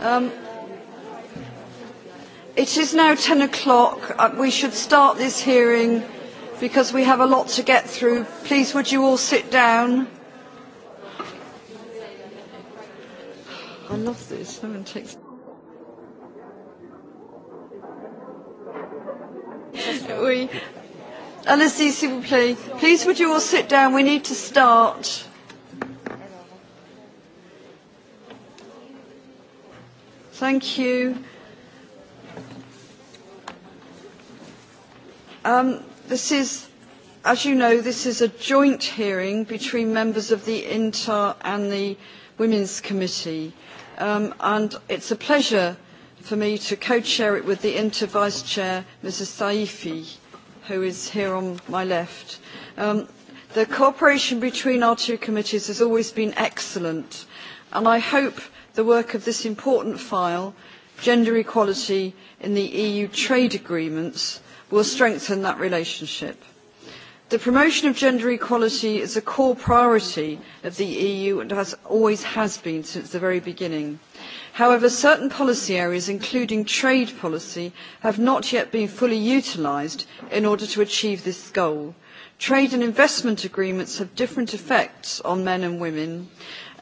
Um, it is now 10 o'clock. Uh, We should start this hearing because we have a lot to get through. Please, would you all sit down? I love this. No one takes. Oui. Alessi, s'il vous plaît. Please would you all sit down? We need to start. Thank you. Um, this is, as you know, this is a joint hearing between members of the INTA and the Women's Committee. Um, and it's a pleasure for me to co-chair it with the Inter Vice Chair, Mrs. Saifi who is here on my left. Um, the cooperation between our two committees has always been excellent, and I hope the work of this important file, gender equality in the EU trade agreements, will strengthen that relationship. The promotion of gender equality is a core priority of the EU and has always has been since the very beginning However, certain policy areas, including trade policy, have not yet been fully utilised in order to achieve this goal. Trade and investment agreements have different effects on men and women,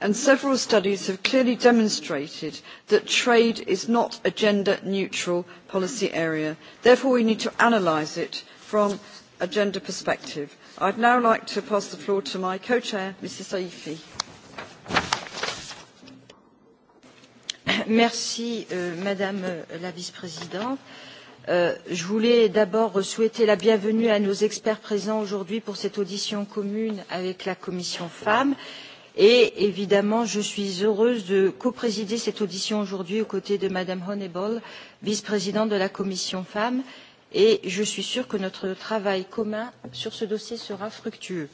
and several studies have clearly demonstrated that trade is not a gender neutral policy area. Therefore, we need to analyse it from a gender perspective. I would now like to pass the floor to my co-chair, ms Saifi. Merci, Madame la Vice-présidente. je voulais d'abord souhaiter la bienvenue à nos experts présents aujourd'hui pour cette audition commune avec la Commission femm Et évidemment, je suis heureuse de coprésider cette audition aujourd'hui aux côtés de Madame Honeyball, vice-présidente de la Commission Femmes. Et je suis sûre que notre travail commun sur ce dossier sera fructueux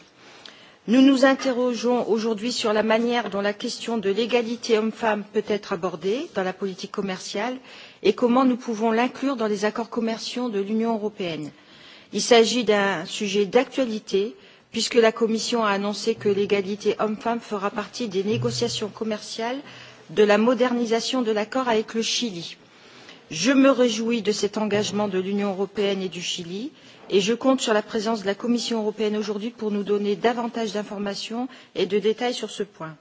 nous nous interrogeons aujourd'hui sur la manière dont la question de l'égalité hommes femmes peut être abordée dans la politique commerciale et comment nous pouvons l'inclure dans les accords commerciaux de l'union européenne. il s'agit d'un sujet d'actualité puisque la commission a annoncé que l'égalité hommes femmes fera partie des négociations commerciales de la modernisation de l'accord avec le chili je me réjouis de cet engagement de l'union européenne et du chili et je compte sur la présence de la commission européenne aujourd'hui pour nous donner davantage d'informations et de détails sur ce point.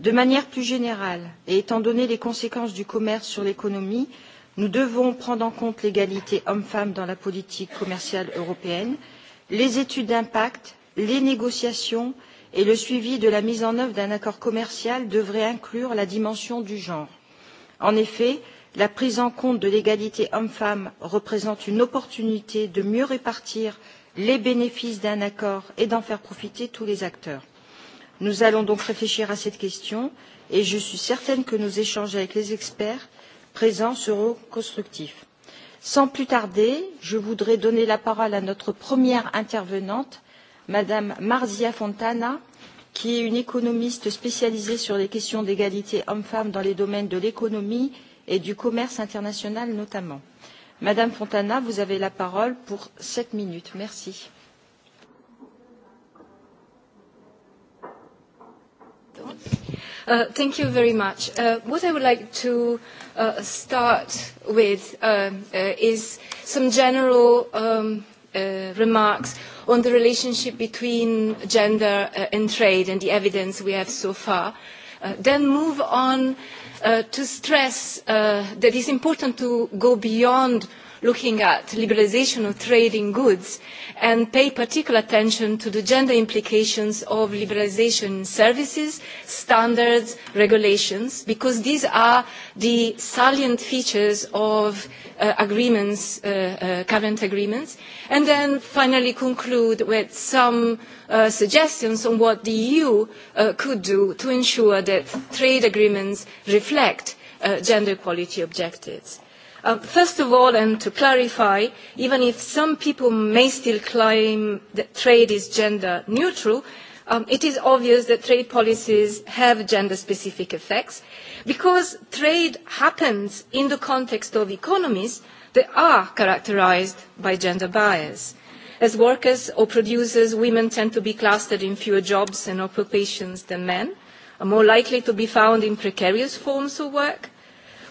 de manière plus générale et étant donné les conséquences du commerce sur l'économie nous devons prendre en compte l'égalité hommes femmes dans la politique commerciale européenne les études d'impact les négociations et le suivi de la mise en œuvre d'un accord commercial devraient inclure la dimension du genre. en effet la prise en compte de l'égalité hommes femmes représente une opportunité de mieux répartir les bénéfices d'un accord et d'en faire profiter tous les acteurs. nous allons donc réfléchir à cette question et je suis certaine que nos échanges avec les experts présents seront constructifs. sans plus tarder je voudrais donner la parole à notre première intervenante mme marzia fontana qui est une économiste spécialisée sur les questions d'égalité hommes femmes dans les domaines de l'économie et du commerce international notamment. Madame Fontana, vous avez la parole pour sept minutes. Merci. Uh, thank you very much. Uh, what I would like to uh, start with uh, uh, is some general um, uh, remarks on the relationship between gender uh, and trade and the evidence we have so far. Uh, then move on uh, to stress that it is important to go beyond looking at liberalisation of trade in goods and pay particular attention to the gender implications of liberalisation in services, standards, regulations, because these are the salient features of agreements, current agreements. And then finally conclude with some suggestions on what the EU could do to ensure that trade agreements reflect gender equality objectives first of all, and to clarify, even if some people may still claim that trade is gender neutral, it is obvious that trade policies have gender-specific effects because trade happens in the context of economies that are characterised by gender bias. As workers or producers, women tend to be clustered in fewer jobs and occupations than men, are more likely to be found in precarious forms of work,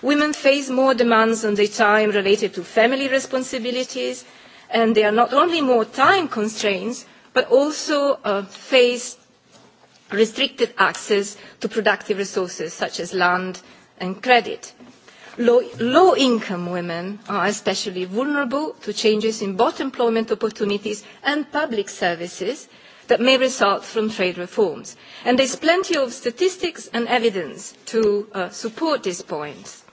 Women face more demands on their time related to family responsibilities, and they are not only more time constraints, but also uh, face restricted access to productive resources such as land and credit. Low-income women are especially vulnerable to changes in both employment opportunities and public services that may result from trade reforms. And there's plenty of statistics and evidence to uh, support this point.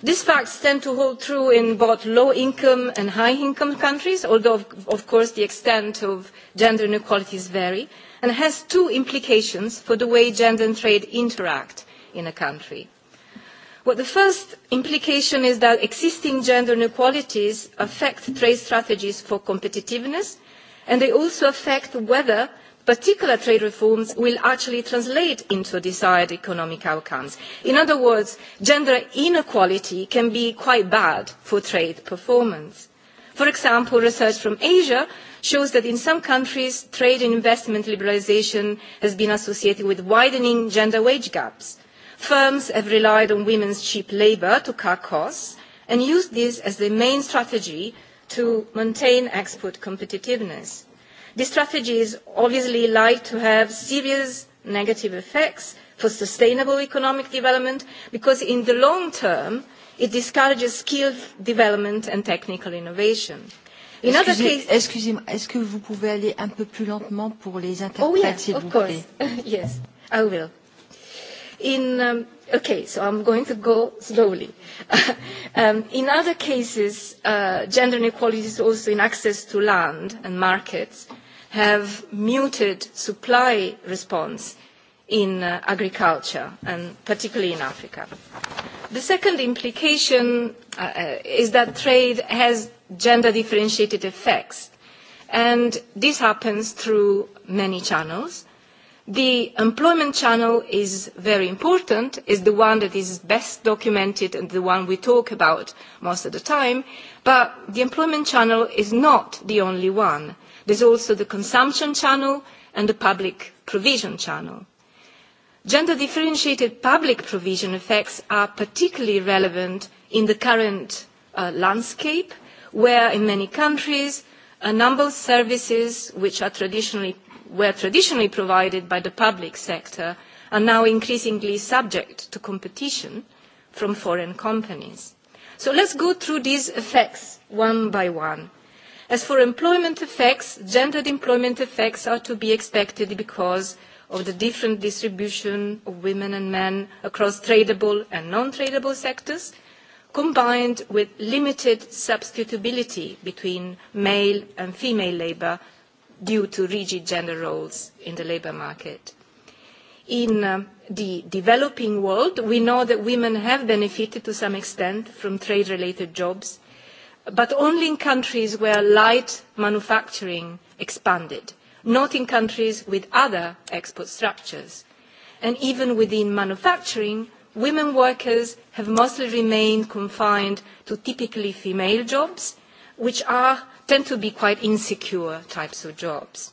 These facts tend to hold true in both low-income and high-income countries, although, of course, the extent of gender inequalities vary, and has two implications for the way gender and trade interact in a country. Well, the first implication is that existing gender inequalities affect trade strategies for competitiveness, and they also affect whether particular trade reforms will actually translate into desired economic outcomes. In other words, gender inequality can be quite bad for trade performance. For example, research from Asia shows that in some countries, trade and investment liberalisation has been associated with widening gender wage gaps. Firms have relied on women's cheap labour to cut costs and used this as their main strategy to maintain export competitiveness. These strategies obviously like to have serious negative effects for sustainable economic development because in the long term it discourages skill development and technical innovation. In other cases, excusez-moi, est-ce que vous pouvez aller un peu plus lentement pour les interprètes, s'il vous plaît? yes, I will. In um, okay, so I'm going to go slowly. um, in other cases, uh, gender inequality is also in access to land and markets have muted supply response in uh, agriculture, and particularly in Africa. The second implication uh, is that trade has gender differentiated effects, and this happens through many channels. The employment channel is very important, is the one that is best documented and the one we talk about most of the time, but the employment channel is not the only one There's also the consumption channel and the public provision channel. Gender differentiated public provision effects are particularly relevant in the current uh, landscape where in many countries a number of services which are traditionally, were traditionally provided by the public sector are now increasingly subject to competition from foreign companies. So let's go through these effects one by one. As for employment effects, gendered employment effects are to be expected because of the different distribution of women and men across tradable and non-tradable sectors, combined with limited substitutability between male and female labour due to rigid gender roles in the labour market. In the developing world, we know that women have benefited to some extent from trade-related jobs, but only in countries where light manufacturing expanded, not in countries with other export structures. And even within manufacturing, women workers have mostly remained confined to typically female jobs, which are, tend to be quite insecure types of jobs.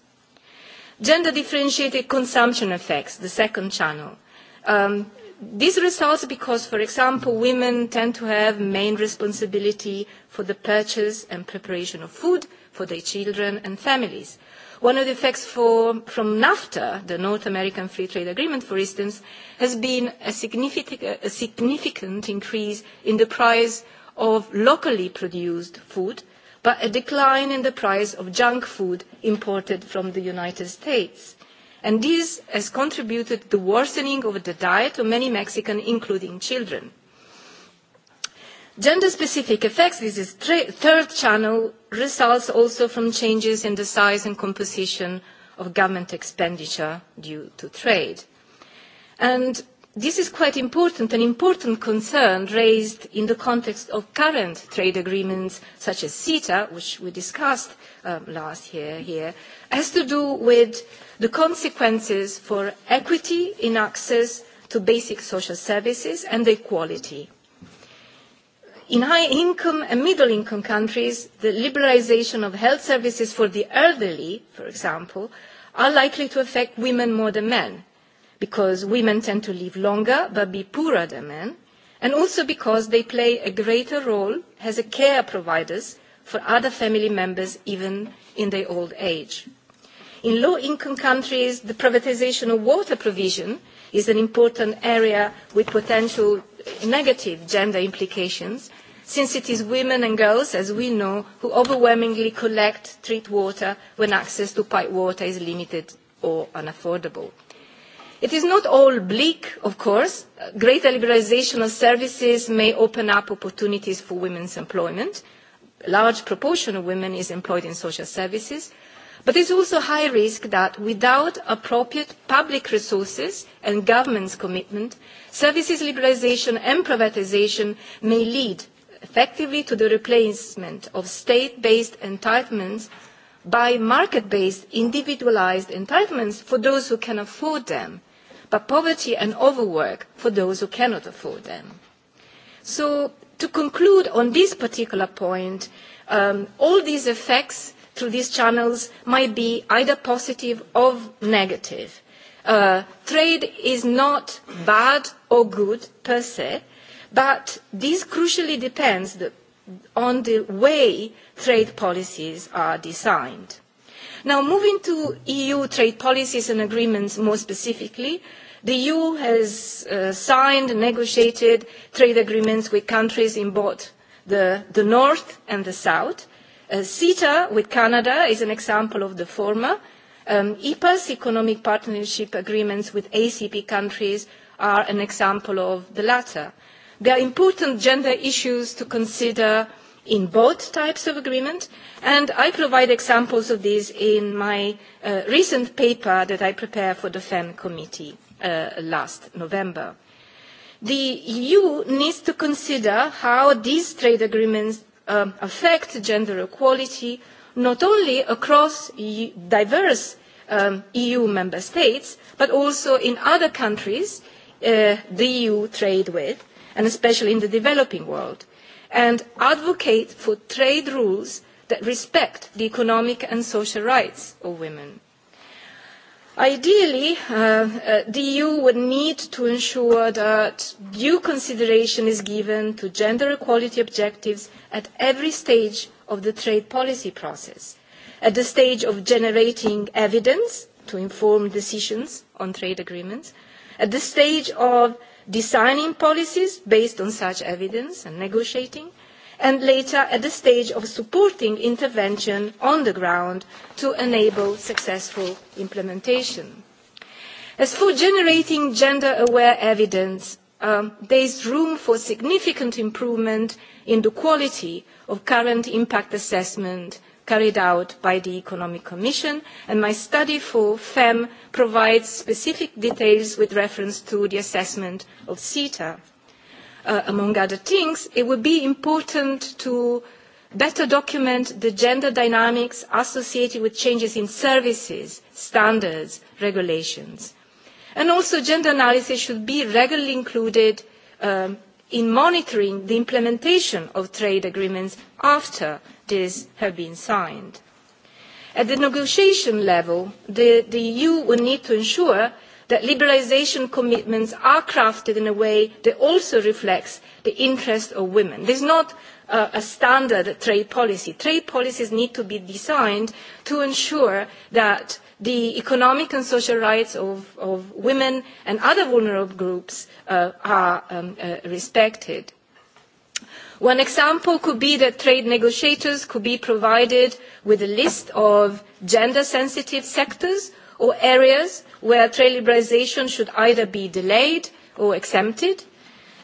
Gender differentiated consumption effects, the second channel. Um, This results because, for example, women tend to have main responsibility for the purchase and preparation of food for their children and families. One of the effects for, from NAFTA, the North American Free Trade Agreement, for instance, has been a significant, a significant increase in the price of locally produced food, but a decline in the price of junk food imported from the United States and this has contributed to the worsening of the diet of many Mexicans, including children. Gender-specific effects, this is the third channel, results also from changes in the size and composition of government expenditure due to trade. And this is quite important, an important concern raised in the context of current trade agreements such as CETA, which we discussed um, last year here, has to do with the consequences for equity in access to basic social services and equality. In high-income and middle-income countries, the liberalisation of health services for the elderly, for example, are likely to affect women more than men, because women tend to live longer but be poorer than men, and also because they play a greater role as care providers for other family members even in their old age. In low-income countries, the privatization of water provision is an important area with potential negative gender implications, since it is women and girls, as we know, who overwhelmingly collect treat water when access to pipe water is limited or unaffordable. It is not all bleak, of course. Greater liberalisation of services may open up opportunities for women's employment. A large proportion of women is employed in social services, But is also high risk that without appropriate public resources and government's commitment, services liberalisation and privatisation may lead effectively to the replacement of state-based entitlements by market-based individualised entitlements for those who can afford them, but poverty and overwork for those who cannot afford them. So to conclude on this particular point, all these effects through these channels might be either positive or negative. Uh, trade is not bad or good per se, but this crucially depends the, on the way trade policies are designed. Now, moving to EU trade policies and agreements more specifically, the EU has uh, signed and negotiated trade agreements with countries in both the, the North and the South. CETA with Canada is an example of the former. Um, EPA's economic partnership agreements with ACP countries are an example of the latter. There are important gender issues to consider in both types of agreement, and I provide examples of these in my uh, recent paper that I prepared for the FEM committee uh, last November. The EU needs to consider how these trade agreements affect gender equality not only across diverse EU member states, but also in other countries the EU trade with, and especially in the developing world, and advocate for trade rules that respect the economic and social rights of women Ideally, the EU would need to ensure that due consideration is given to gender equality objectives at every stage of the trade policy process, at the stage of generating evidence to inform decisions on trade agreements, at the stage of designing policies based on such evidence and negotiating, and later at the stage of supporting intervention on the ground to enable successful implementation. As for generating gender-aware evidence, there is room for significant improvement in the quality of current impact assessment carried out by the Economic Commission, and my study for FEM provides specific details with reference to the assessment of CETA uh, among other things, it would be important to better document the gender dynamics associated with changes in services, standards, regulations. And also gender analysis should be regularly included um, in monitoring the implementation of trade agreements after these have been signed. At the negotiation level, the, the EU will need to ensure that liberalisation commitments are crafted in a way that also reflects the interests of women. This is not uh, a standard trade policy. Trade policies need to be designed to ensure that the economic and social rights of, of women and other vulnerable groups uh, are um, uh, respected. One example could be that trade negotiators could be provided with a list of gender-sensitive sectors or areas where trade liberalisation should either be delayed or exempted.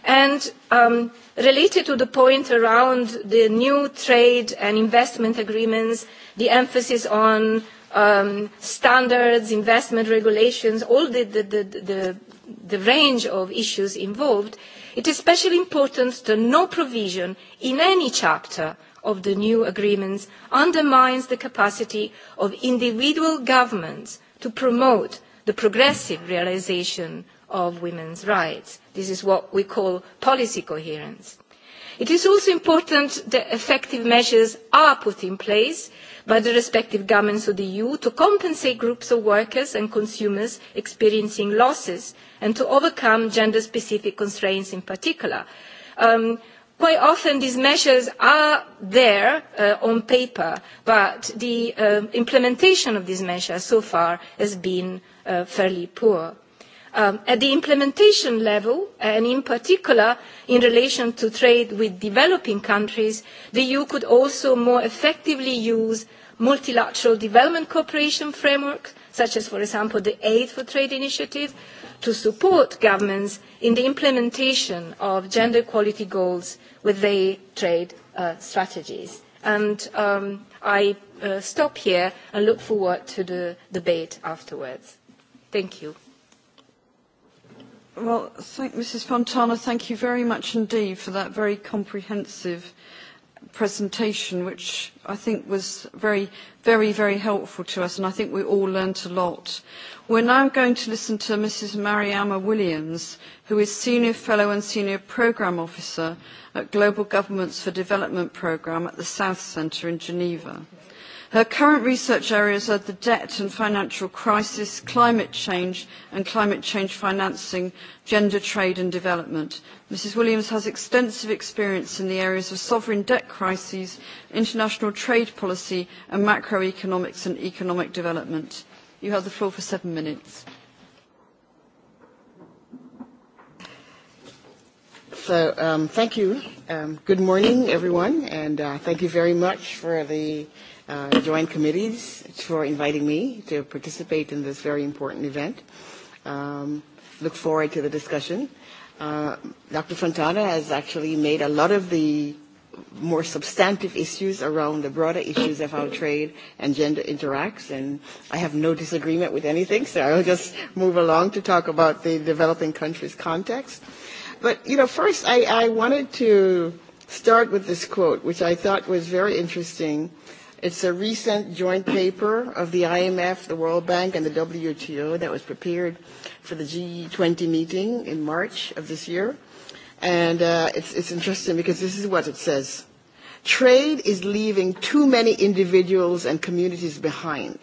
And um, related to the point around the new trade and investment agreements, the emphasis on um, standards, investment regulations, all the, the, the, the, the range of issues involved, it is especially important that no provision in any chapter of the new agreements undermines the capacity of individual governments to promote the progressive realisation of women's rights. This is what we call policy coherence. It is also important that effective measures are put in place by the respective governments of the EU to compensate groups of workers and consumers experiencing losses and to overcome gender-specific constraints in particular. Um, Quite often these measures are there uh, on paper, but the uh, implementation of these measures so far has been uh, fairly poor. Um, at the implementation level, and in particular in relation to trade with developing countries, the EU could also more effectively use multilateral development cooperation frameworks such as, for example, the Aid for Trade initiative, to support governments in the implementation of gender equality goals with their trade uh, strategies. And um, I uh, stop here and look forward to the debate afterwards. Thank you. Well, thank Mrs. Fontana. Thank you very much indeed for that very comprehensive presentation, which I think was very, very, very helpful to us, and I think we all learnt a lot. We're now going to listen to Mrs. Mariama Williams, who is Senior Fellow and Senior Programme Officer at Global Governments for Development Programme at the South Centre in Geneva. Her current research areas are the debt and financial crisis, climate change and climate change financing, gender trade and development. Mrs Williams has extensive experience in the areas of sovereign debt crises, international trade policy and macroeconomics and economic development. You have the floor for seven minutes. So um, thank you. Um, good morning, everyone, and uh, thank you very much for the uh, joint committees for inviting me to participate in this very important event. Um, look forward to the discussion. Uh, Dr. Fontana has actually made a lot of the more substantive issues around the broader issues of how trade and gender interacts. And I have no disagreement with anything, so I'll just move along to talk about the developing countries context. But, you know, first I, I wanted to start with this quote, which I thought was very interesting It's a recent joint paper of the IMF, the World Bank, and the WTO that was prepared for the G20 meeting in March of this year. And uh, it's, it's interesting because this is what it says. Trade is leaving too many individuals and communities behind,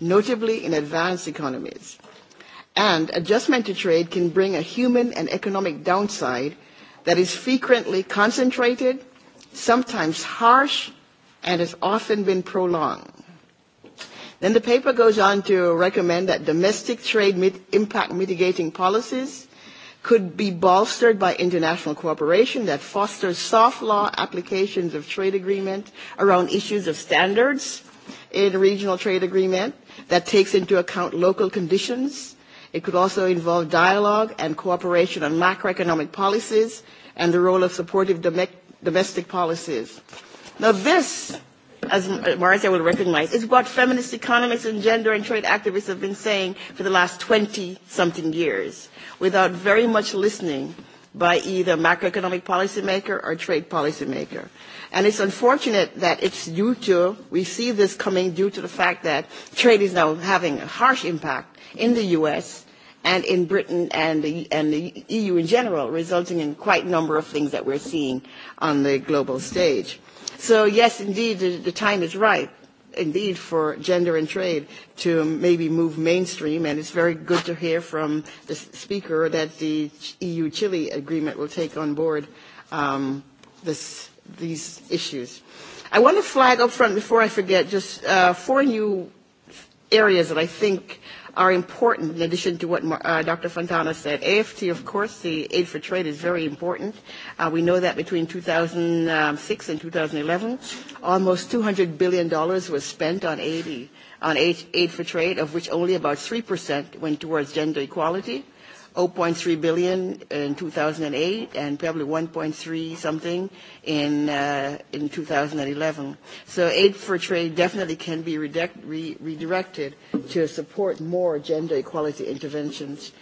notably in advanced economies. And adjustment to trade can bring a human and economic downside that is frequently concentrated, sometimes harsh, and has often been prolonged. Then the paper goes on to recommend that domestic trade mit- impact mitigating policies could be bolstered by international cooperation that fosters soft law applications of trade agreement around issues of standards in regional trade agreement that takes into account local conditions. It could also involve dialogue and cooperation on macroeconomic policies and the role of supportive domestic policies Now this, as Marisa will recognize, is what feminist economists and gender and trade activists have been saying for the last 20-something years without very much listening by either macroeconomic policymaker or trade policymaker. And it's unfortunate that it's due to, we see this coming due to the fact that trade is now having a harsh impact in the U.S., and in Britain and the, and the EU in general, resulting in quite a number of things that we're seeing on the global stage. So yes, indeed, the the time is ripe indeed for gender and trade to maybe move mainstream and it's very good to hear from the speaker that the EU Chile agreement will take on board um, this, these issues. I want to flag up front before I forget just uh, four new areas that I think are important in addition to what uh, Dr. Fontana said. AFT, of course, the aid for trade is very important. Uh, we know that between 2006 and 2011, almost $200 billion was spent on aid, on aid, aid for trade, of which only about 3% went towards gender equality 0.3 billion in 2008 and probably 1.3 something in uh, in 2011. So aid for trade definitely can be re- redirected to support more gender equality interventions.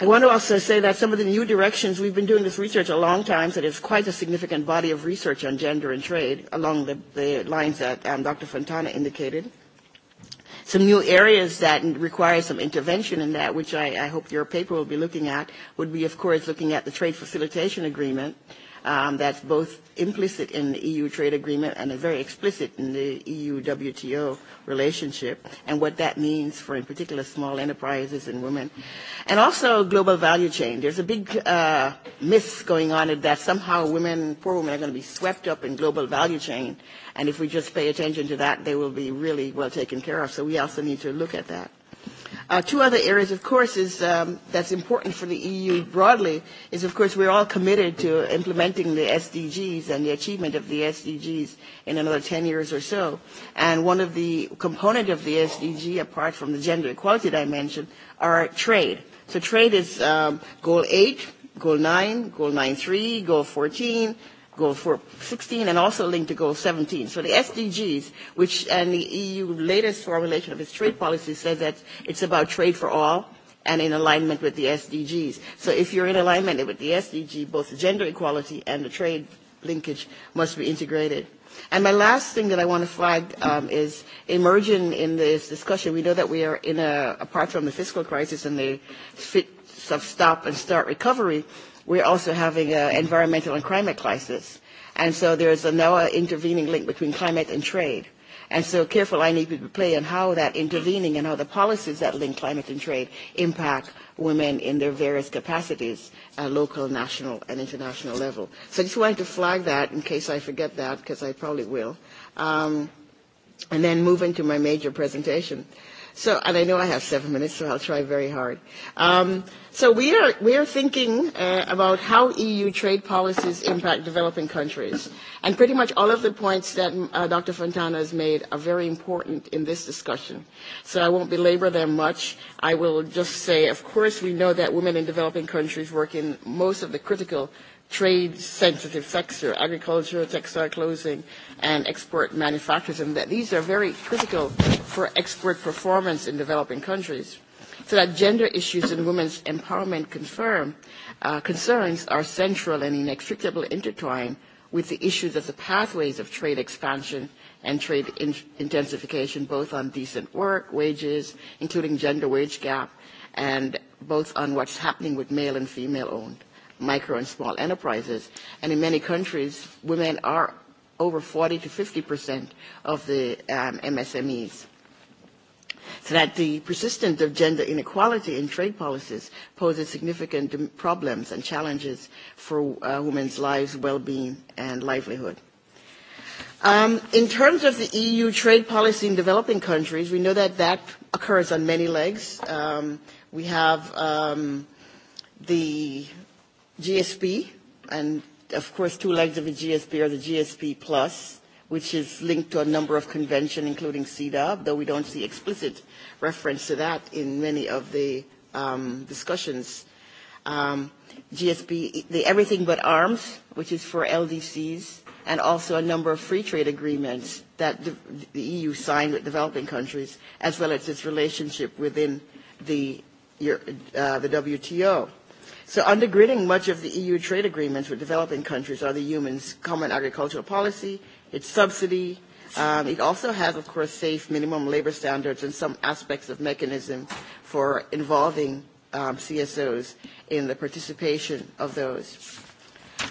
I want to also say that some of the new directions, we've been doing this research a long time, so there's quite a significant body of research on gender and trade along the, the lines that um, Dr. Fontana indicated some new areas that require some intervention in that, which I, I hope your paper will be looking at, would be, of course, looking at the trade facilitation agreement um, that's both implicit in the EU trade agreement and is very explicit in the EU WTO relationship and what that means for, in particular, small enterprises and women. And also global value chain. There's a big uh, myth going on that somehow women, poor women are going to be swept up in global value chain. And if we just pay attention to that, they will be really well taken care of. So we also need to look at that. Uh, two other areas, of course, is um, that's important for the EU broadly is, of course, we're all committed to implementing the SDGs and the achievement of the SDGs in another 10 years or so. And one of the component of the SDG, apart from the gender equality dimension, are trade. So trade is um, goal eight, goal nine, goal nine three, goal 14, goal for 16 and also linked to goal 17. So the SDGs, which and the EU latest formulation of its trade policy says that it's about trade for all and in alignment with the SDGs. So if you're in alignment with the SDG, both gender equality and the trade linkage must be integrated. And my last thing that I want to flag um, is emerging in this discussion. We know that we are in a, apart from the fiscal crisis and the fit of stop and start recovery, we're also having an environmental and climate crisis. And so there's now an intervening link between climate and trade. And so careful I need to play on how that intervening and how the policies that link climate and trade impact women in their various capacities, at local, national, and international level. So I just wanted to flag that in case I forget that, because I probably will. Um, and then move into my major presentation. Uh, So, and I know I have seven minutes, so I'll try very hard. Um, so we are, we are thinking uh, about how EU trade policies impact developing countries. And pretty much all of the points that uh, Dr. Fontana has made are very important in this discussion. So I won't belabor them much. I will just say, of course, we know that women in developing countries work in most of the critical trade-sensitive sector, agriculture, textile clothing, and export manufacturers, and that these are very critical for export performance in developing countries, so that gender issues and women's empowerment confirm, uh, concerns are central and inextricably intertwined with the issues of the pathways of trade expansion and trade in- intensification, both on decent work, wages, including gender wage gap, and both on what's happening with male and female owned micro and small enterprises. And in many countries, women are over 40 to 50 percent of the um, MSMEs. So that the persistence of gender inequality in trade policies poses significant problems and challenges for uh, women's lives, well-being, and livelihood. Um, in terms of the EU trade policy in developing countries, we know that that occurs on many legs. Um, we have um, the GSP, and of course, two legs of the GSP are the GSP Plus, which is linked to a number of conventions, including CEDAW, though we don't see explicit reference to that in many of the um, discussions. Um, GSP, the Everything But Arms, which is for LDCs, and also a number of free trade agreements that the, the EU signed with developing countries, as well as its relationship within the, your, uh, the WTO. So undergirding much of the EU trade agreements with developing countries are the human's common agricultural policy, its subsidy. Um, it also has, of course, safe minimum labor standards and some aspects of mechanism for involving um, CSOs in the participation of those.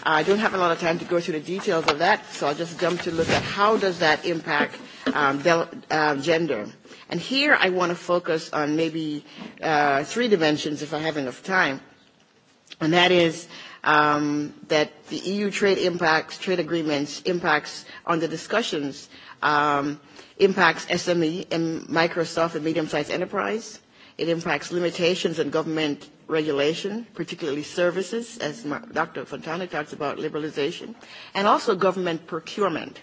I don't have a lot of time to go through the details of that, so I'll just jump to look at how does that impact um, del- uh, gender. And here I want to focus on maybe uh, three dimensions if I have enough time and that is um, that the EU trade impacts, trade agreements impacts on the discussions um, impacts SME and Microsoft and medium-sized enterprise. It impacts limitations on government regulation, particularly services, as Dr. Fontana talks about liberalization, and also government procurement.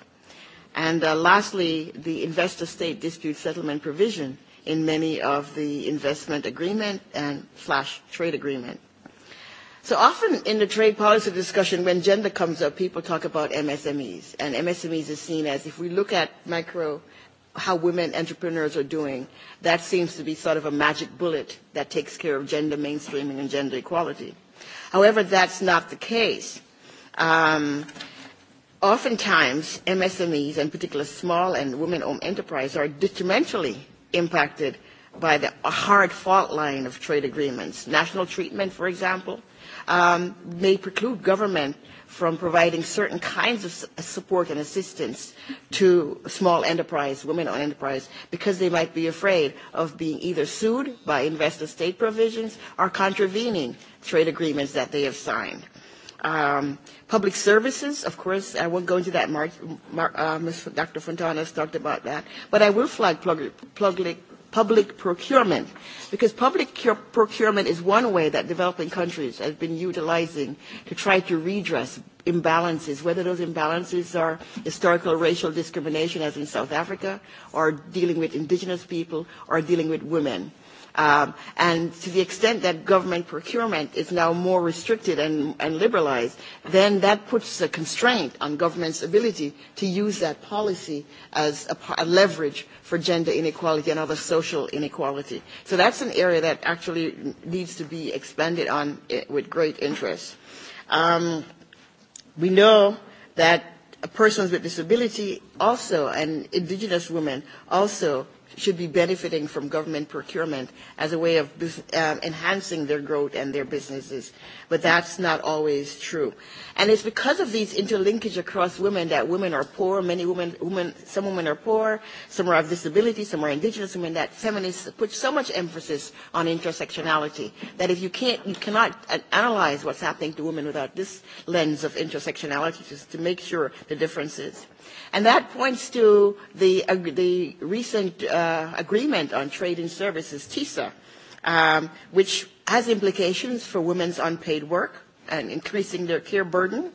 And uh, lastly, the investor-state dispute settlement provision in many of the investment agreement and slash trade agreement. So often in the trade policy discussion, when gender comes up, people talk about MSMEs, and MSMEs is seen as if we look at micro how women entrepreneurs are doing, that seems to be sort of a magic bullet that takes care of gender mainstreaming and gender equality. However, that's not the case. Um, oftentimes, MSMEs, in particular small and women-owned enterprises, are detrimentally impacted by the hard fault line of trade agreements. National treatment, for example, um, may preclude government from providing certain kinds of support and assistance to small enterprise, women-owned enterprise, because they might be afraid of being either sued by investor state provisions or contravening trade agreements that they have signed. Um, public services, of course, I won't go into that. Mark, Mark, uh, Ms. Dr. Fontana has talked about that. But I will flag public, public public procurement, because public procurement is one way that developing countries have been utilizing to try to redress imbalances, whether those imbalances are historical racial discrimination, as in South Africa, or dealing with indigenous people, or dealing with women Um, and to the extent that government procurement is now more restricted and, and liberalized, then that puts a constraint on government's ability to use that policy as a, a leverage for gender inequality and other social inequality. So that's an area that actually needs to be expanded on with great interest. Um, we know that persons with disability also and indigenous women also should be benefiting from government procurement as a way of enhancing their growth and their businesses but that's not always true. And it's because of these interlinkage across women that women are poor. Many women, women, some women are poor, some are of disability, some are indigenous women. That feminists put so much emphasis on intersectionality that if you can't, you cannot analyze what's happening to women without this lens of intersectionality just to make sure the differences. And that points to the, uh, the recent uh, agreement on trade and services, TISA, um, which has implications for women's unpaid work and increasing their care burden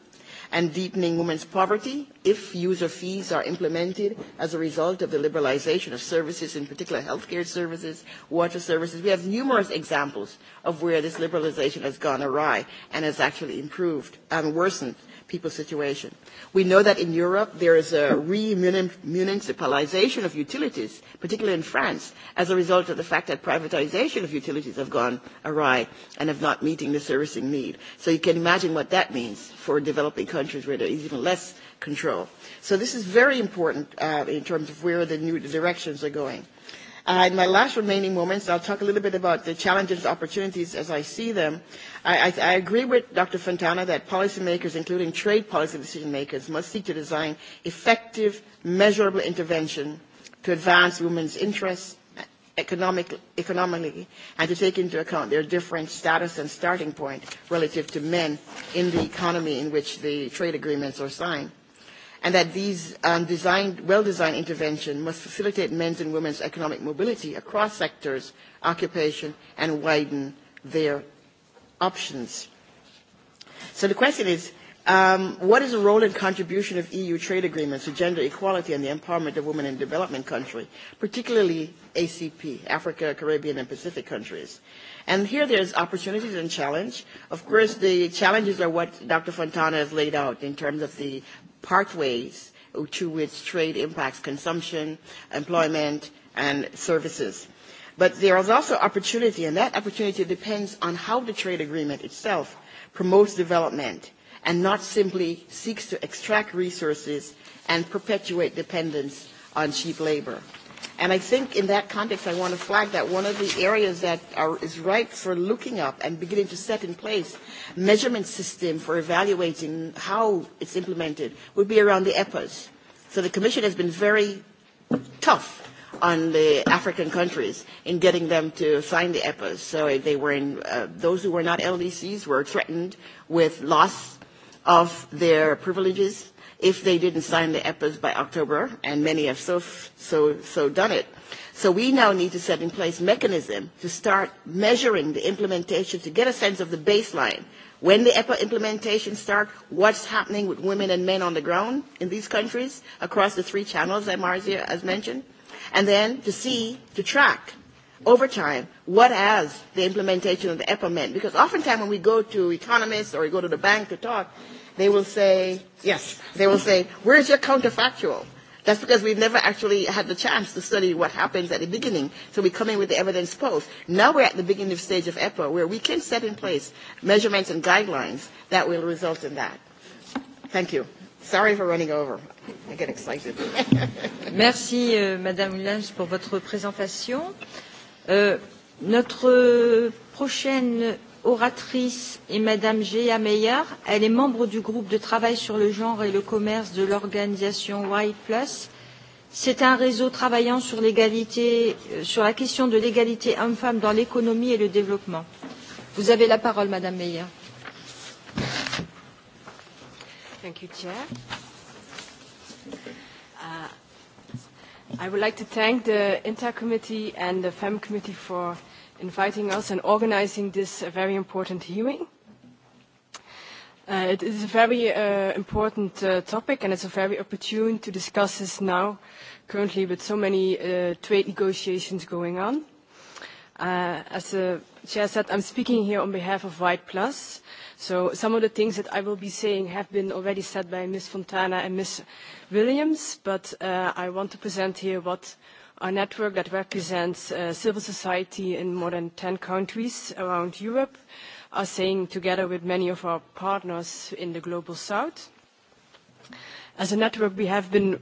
and deepening women's poverty if user fees are implemented as a result of the liberalization of services, in particular healthcare services, water services. We have numerous examples of where this liberalization has gone awry and has actually improved and worsened people's situation. We know that in Europe there is a re-municipalization of utilities, particularly in France, as a result of the fact that privatization of utilities have gone awry and have not meeting the servicing need. So you can imagine what that means for developing countries where there is even less control. So this is very important uh, in terms of where the new directions are going. Uh, in my last remaining moments, I'll talk a little bit about the challenges opportunities as I see them I, I, I agree with Dr. Fontana that policymakers, including trade policy decision makers, must seek to design effective, measurable intervention to advance women's interests economic, economically and to take into account their different status and starting point relative to men in the economy in which the trade agreements are signed. And that these um, designed, well-designed intervention must facilitate men's and women's economic mobility across sectors, occupation, and widen their options. So the question is, um, what is the role and contribution of EU trade agreements to gender equality and the empowerment of women in development countries, particularly ACP, Africa, Caribbean, and Pacific countries? And here there's opportunities and challenge. Of course, the challenges are what Dr. Fontana has laid out in terms of the pathways to which trade impacts consumption, employment, and services But there is also opportunity, and that opportunity depends on how the trade agreement itself promotes development and not simply seeks to extract resources and perpetuate dependence on cheap labor. And I think in that context, I want to flag that one of the areas that are, is ripe for looking up and beginning to set in place measurement system for evaluating how it's implemented would be around the EPAs. So the Commission has been very tough on the African countries in getting them to sign the EPAs. So they were in, uh, those who were not LDCs were threatened with loss of their privileges if they didn't sign the EPAs by October, and many have so, so, so done it. So we now need to set in place mechanism to start measuring the implementation to get a sense of the baseline. When the EPA implementation starts, what's happening with women and men on the ground in these countries across the three channels that Marzia has mentioned – and then to see, to track over time what has the implementation of the EPA meant. Because oftentimes when we go to economists or we go to the bank to talk, they will say, yes, they will say, where's your counterfactual? That's because we've never actually had the chance to study what happens at the beginning. So we come in with the evidence post. Now we're at the beginning stage of EPA where we can set in place measurements and guidelines that will result in that. Thank you. Sorry for running over. I get excited. Merci, euh, Madame Lenz pour votre présentation. Euh, notre prochaine oratrice est Madame Gea Meyer. Elle est membre du groupe de travail sur le genre et le commerce de l'organisation Y+. C'est un réseau travaillant sur, l'égalité, sur la question de l'égalité hommes-femmes dans l'économie et le développement. Vous avez la parole, Madame Meyer. Thank you, Chair. Uh, I would like to thank the INTA Committee and the FEM Committee for inviting us and organizing this very important hearing. Uh, it is a very uh, important uh, topic and it's a very opportune to discuss this now, currently with so many uh, trade negotiations going on. Uh, as a Shahzad, I'm speaking here on behalf of White Plus. So some of the things that I will be saying have been already said by Ms. Fontana and Ms. Williams, but uh, I want to present here what our network that represents uh, civil society in more than 10 countries around Europe are saying together with many of our partners in the Global South. As a network, we have been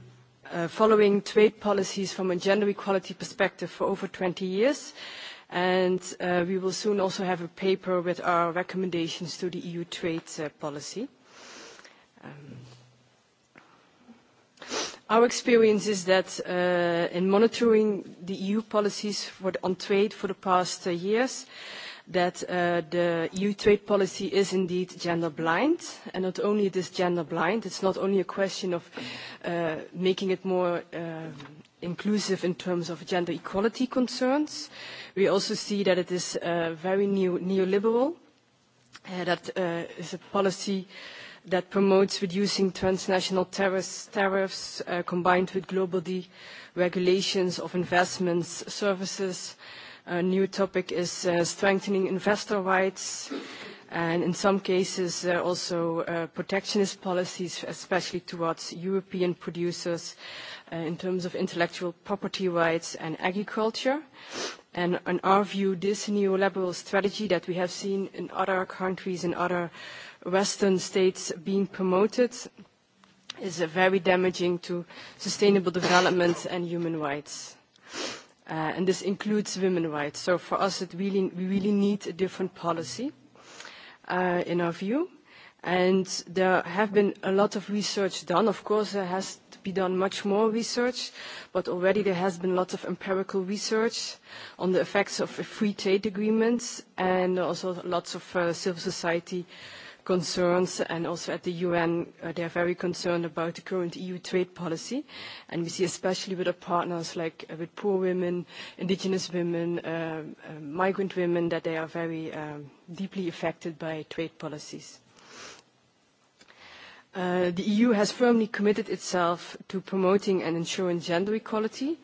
uh, following trade policies from a gender equality perspective for over 20 years, And we will soon also have a paper with our recommendations to the EU trade policy. Our experience is that in monitoring the EU policies on trade for the past years, that the EU trade policy is indeed gender blind. And not only it is gender blind, it's not only a question of making it more inclusive in terms of gender equality concerns. We also see that it is uh, very neoliberal. Uh, that uh, is a policy that promotes reducing transnational tariffs, uh, combined with global deregulations of investments, services. A new topic is uh, strengthening investor rights and in some cases uh, also uh, protectionist policies, especially towards European producers uh, in terms of intellectual property rights and agriculture. And in our view, this neoliberal strategy that we have seen in other countries, and other Western states being promoted, is very damaging to sustainable development and human rights. and this includes women's rights. So for us, it really, we really need a different policy uh, in our view. And there have been a lot of research done. Of course, there has to be done much more research, but already there has been lots of empirical research on the effects of free trade agreements and also lots of uh, civil society uh, concerns, and also at the UN, they are very concerned about the current EU trade policy. And we see especially with our partners, like with poor women, indigenous women, migrant women, that they are very deeply affected by trade policies. The EU has firmly committed itself to promoting and ensuring gender equality.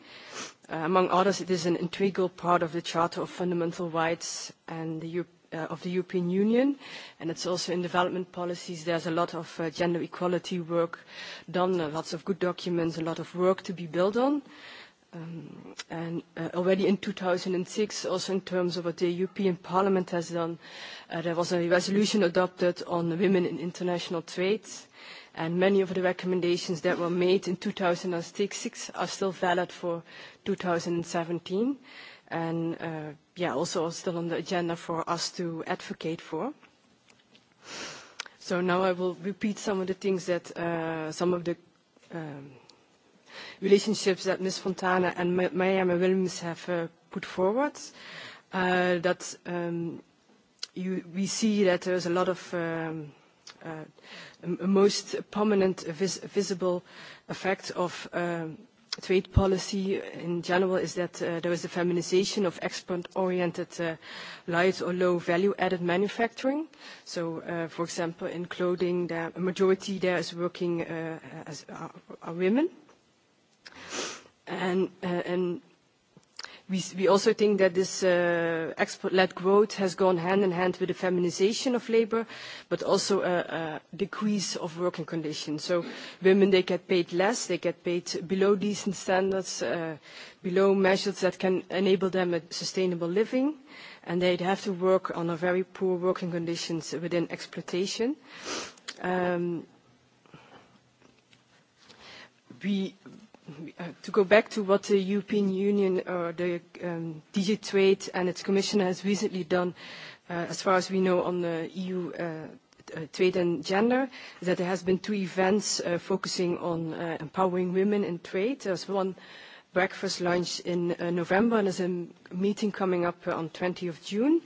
Among others, it is an integral part of the Charter of Fundamental Rights and the European of the European Union. And it's also in development policies, there's a lot of uh, gender equality work done, uh, lots of good documents, a lot of work to be built on. Um, and uh, already in 2006, also in terms of what the European Parliament has done, uh, there was a resolution adopted on women in international trade. And many of the recommendations that were made in 2006 are still valid for 2017 and uh, yeah, also still on the agenda for us to advocate for. So now I will repeat some of the things that uh, some of the um, relationships that Ms. Fontana and Miriam Williams have uh, put forward. Uh, that um, you, we see that there is a lot of um, uh, a most prominent vis visible effect of um, trade policy in general is that uh, there is a feminization of export-oriented uh, light or low-value-added manufacturing. So, uh, for example, in clothing, the majority there is working uh, as are, are women. And uh, in We also think that this export-led growth has gone hand in hand with the feminization of labor, but also a decrease of working conditions. So women, they get paid less, they get paid below decent standards, below measures that can enable them a sustainable living, and they have to work on a very poor working conditions within exploitation. We to go back to what the European Union or the um, DG Trade and its Commissioner has recently done, uh, as far as we know, on the EU uh, trade and gender, is that there has been two events uh, focusing on uh, empowering women in trade. There's one breakfast lunch in uh, November, and there's a meeting coming up uh, on 20th of June,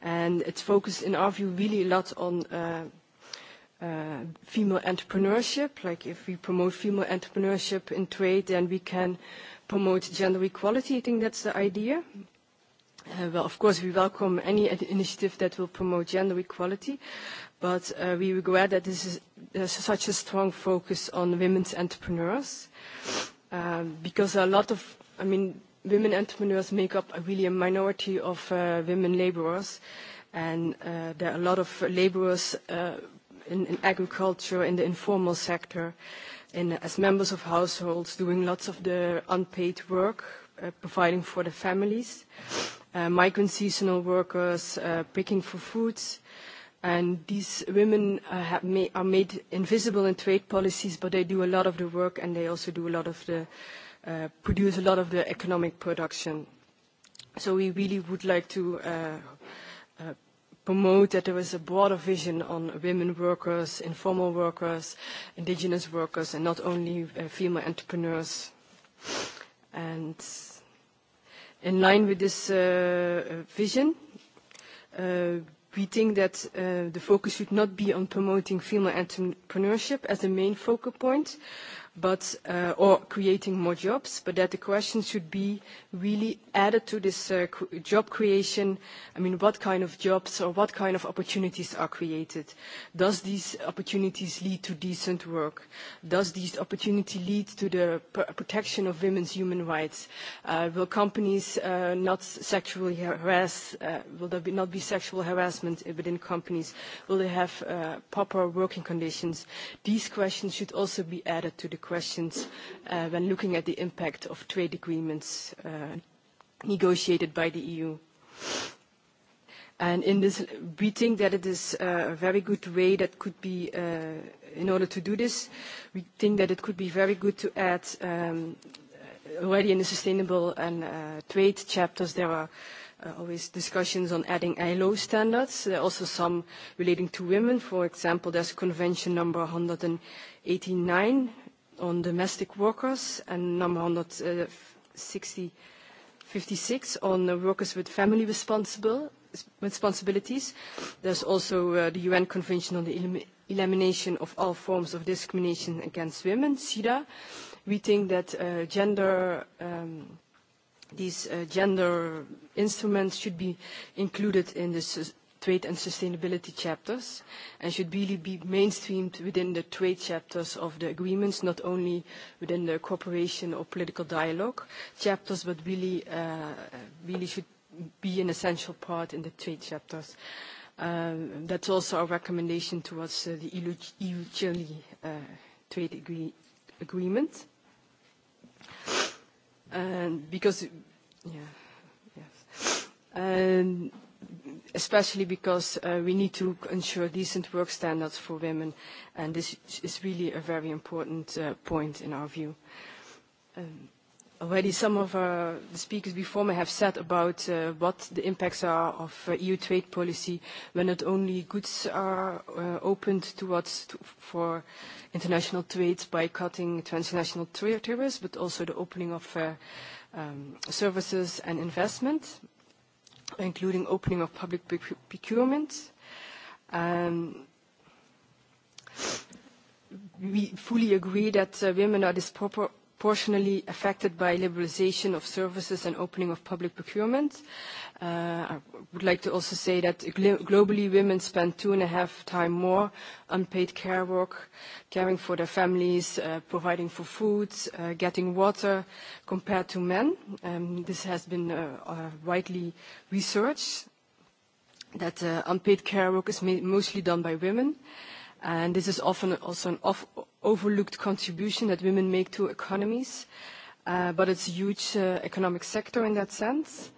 and it's focused, in our view, really a lot on uh, uh, female entrepreneurship. Like if we promote female entrepreneurship in trade, then we can promote gender equality. I think that's the idea. Uh, well, of course, we welcome any initiative that will promote gender equality, but uh, we regret that this is, there's such a strong focus on women's entrepreneurs, um, because a lot of, I mean, women entrepreneurs make up a really a minority of uh, women laborers, and uh, there are a lot of laborers uh, in, in agriculture, in the informal sector, in, as members of households, doing lots of the unpaid work, uh, providing for the families, uh, migrant seasonal workers, uh, picking for foods. And these women uh, have ma are made invisible in trade policies, but they do a lot of the work and they also do a lot of the, uh, produce a lot of the economic production. So we really would like to uh, promote that there is a broader vision on women workers, informal workers, indigenous workers, and not only uh, female entrepreneurs. And in line with this uh, vision, uh, we think that uh, the focus should not be on promoting female entrepreneurship as the main focal point, but, or creating more jobs, but that the question should be really added to this job creation. I mean, what kind of jobs or what kind of opportunities are created? Does these opportunities lead to decent work? Does these opportunity lead to the protection of women's human rights? will companies not sexually harass, will there not be sexual harassment within companies? Will they have proper working conditions? These questions should also be added to the questions when looking at the impact of trade agreements negotiated by the EU. And in this, we think that it is a very good way that could be, in order to do this, we think that it could be very good to add already in the sustainable and trade chapters, there are always discussions on adding ILO standards. There are also some relating to women. For example, there's Convention number 189 on domestic workers and number 156 on workers with family responsible, responsibilities. There's also uh, the UN Convention on the Elimination of All Forms of Discrimination Against Women, CEDA. We think that uh, gender... Um, these uh, gender instruments should be included in the trade and sustainability chapters and should really be mainstreamed within the trade chapters of the agreements, not only within the cooperation or political dialogue chapters, but really, uh, really should be an essential part in the trade chapters. Um, that's also our recommendation towards uh, the EU-Chile uh, trade agree agreement. And because, yeah, yes. And especially because we need to ensure decent work standards for women, and this is really a very important point in our view. Already some of the speakers before me have said about what the impacts are of EU trade policy when not only goods are opened towards for international trade by cutting transnational tariffs, but also the opening of services and investment including opening of public procurement. Um, we fully agree that uh, women are dispropor disproportionately affected by liberalisation of services and opening of public procurement. I would like to also say that globally women spend two and a half times more unpaid care work, caring for their families, providing for food, getting water, compared to men. this has been widely researched, that unpaid care work is mostly done by women. And this is often also an off overlooked contribution that women make to economies, uh, but it's a huge uh, economic sector in that sense.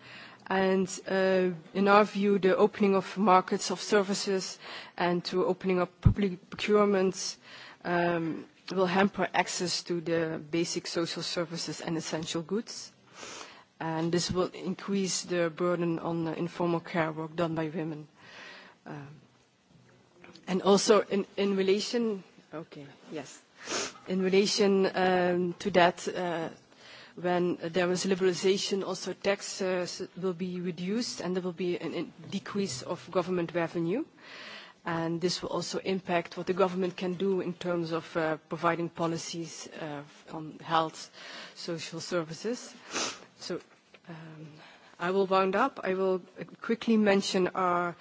And uh, in our view, the opening of markets of services and to opening up public procurements um, will hamper access to the basic social services and essential goods. And this will increase the burden on the informal care work done by women. Um, and also in, in relation Okay. Yes. In relation to that, when there was liberalization, also taxes will be reduced, and there will be a decrease of government revenue. And this will also impact what the government can do in terms of providing policies on health, social services. So, I will round up. I will quickly mention our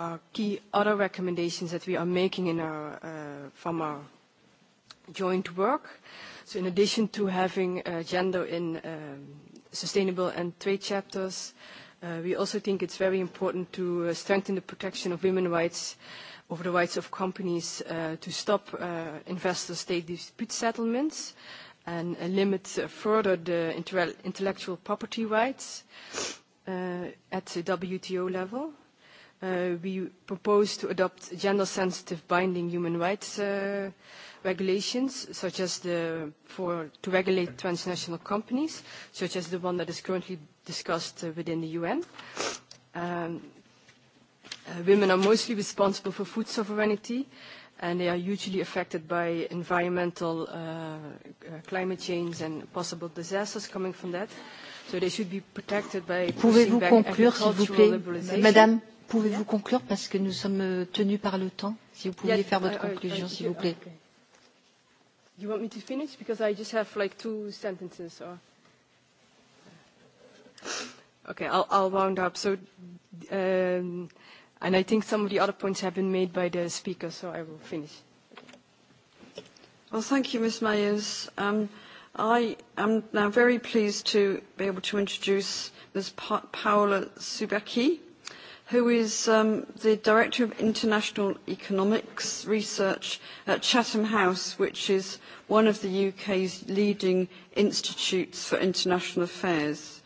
our key other recommendations that we are making in our, uh, from our joint work. So in addition to having gender in um, sustainable and trade chapters, uh, we also think it's very important to strengthen the protection of women's rights over the rights of companies uh, to stop uh, investor-state dispute settlements and uh, limit further the intellectual property rights uh, at the WTO level we propose to adopt gender-sensitive binding human rights regulations, such as the for to regulate transnational companies, such as the one that is currently discussed within the UN. women are mostly responsible for food sovereignty, and they are usually affected by environmental climate change and possible disasters coming from that. So they should be protected by pushing back agricultural liberalization. Pouvez-vous conclure parce que nous sommes tenus par le temps Si vous pouviez faire votre conclusion, s'il vous plaît. You want me to finish because I just have like two sentences or Okay, I'll, I'll round up. So, um, and I think some of the other points have been made by the speaker, so I will finish. Well, thank you, Ms. Mayers. Um, I am now very pleased to be able to introduce Ms. Pa- Paola Subaki who is um, the Director of International Economics Research at Chatham House, which is one of the UK's leading institutes for international affairs.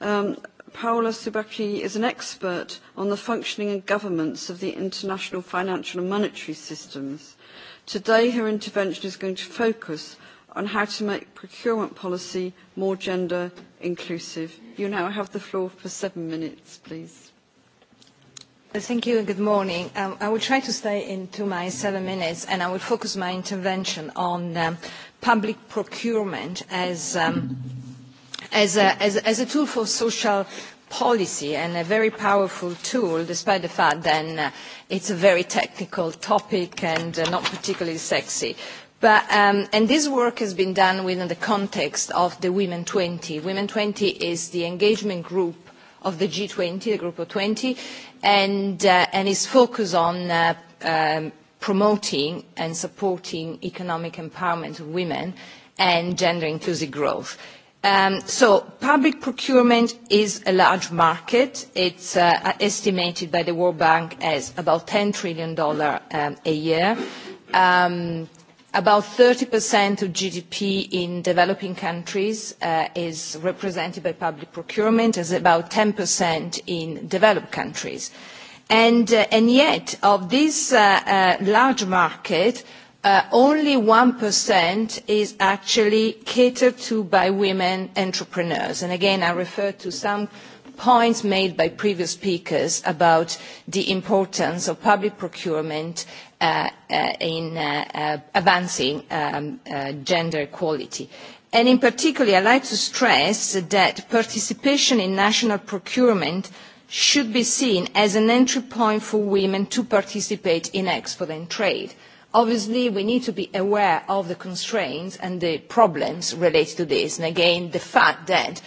Um, Paola Subaki is an expert on the functioning and governments of the international financial and monetary systems. Today, her intervention is going to focus on how to make procurement policy more gender inclusive. You now have the floor for seven minutes, please. Thank you and good morning. I will try to stay into my seven minutes and I will focus my intervention on public procurement as, a, tool for social policy and a very powerful tool despite the fact that it is a very technical topic and not particularly sexy. this work has been done within the context of the Women 20. Women 20 is the engagement group of the G20, the Group of 20, and, uh, and is focused on uh, um, promoting and supporting economic empowerment of women and gender inclusive growth. Um, so public procurement is a large market. It's uh, estimated by the World Bank as about $10 trillion um, a year. Um, About 30% of GDP in developing countries is represented by public procurement, and about 10% in developed countries. And yet, of this large market, only 1% is actually catered to by women entrepreneurs. And again, I refer to some points made by previous speakers about the importance of public procurement in advancing gender equality. And in particular, I'd like to stress that participation in national procurement should be seen as an entry point for women to participate in export and trade. Obviously, we need to be aware of the constraints and the problems related to this. And again, the fact that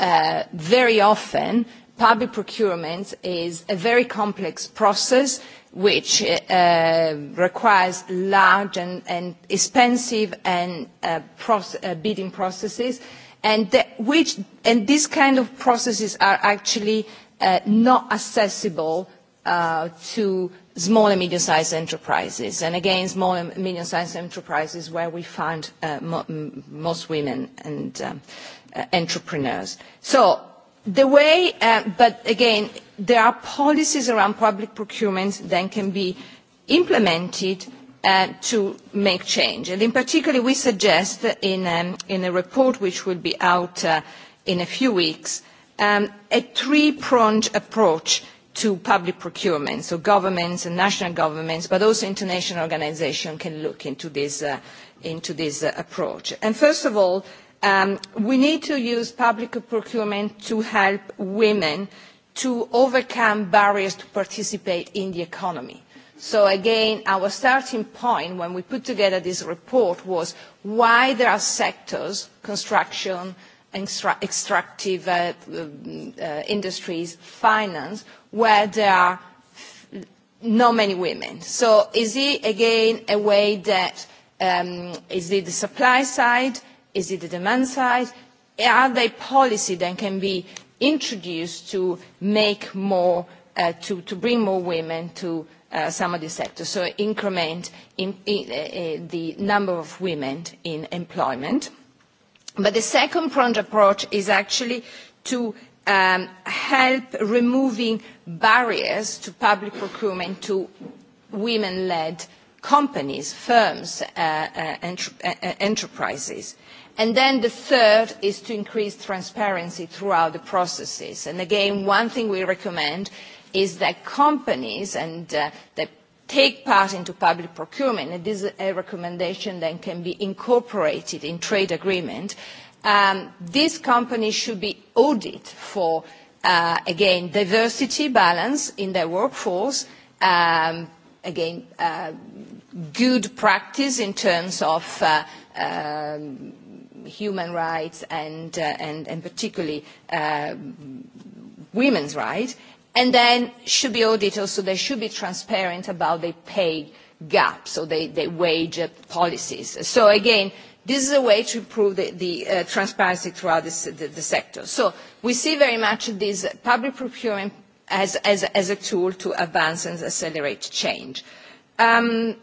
uh, very often public procurement is a very complex process which requires large and, expensive and bidding processes, and, which, and these kind of processes are actually not accessible to small and medium-sized enterprises, and again, small and medium-sized enterprises where we find most women and entrepreneurs. So The way, but again, there are policies around public procurement that can be implemented to make change. And in particular, we suggest in, um, in a report which will be out uh, in a few weeks, um, a three-pronged approach to public procurement. So governments and national governments, but also international organisations can look into this, uh, into this uh, approach. And first of all, Um, we need to use public procurement to help women to overcome barriers to participate in the economy. So again, our starting point when we put together this report was why there are sectors, construction, extractive industries, finance, where there are not many women. So is it again a way that, um, is it the supply side, Is it the demand side? Are there policy that can be introduced to make more, uh, to, to bring more women to uh, some of the sectors? So increment in, in, uh, the number of women in employment. But the second pronged approach is actually to um, help removing barriers to public procurement to women-led companies, firms, uh, uh, enterprises And then the third is to increase transparency throughout the processes. And again, one thing we recommend is that companies and that take part into public procurement, and this is a recommendation that can be incorporated in trade agreement, um, these companies should be audited for, uh, again, diversity balance in their workforce, um, again, uh, good practice in terms of uh, um, human rights and, uh, and, and particularly uh, women's rights. And then should be audited, so they should be transparent about the pay gap, so they, they wage policies. So again, this is a way to improve the, the uh, transparency throughout this, the, the sector. So we see very much this public procurement as, as, as a tool to advance and accelerate change. Um,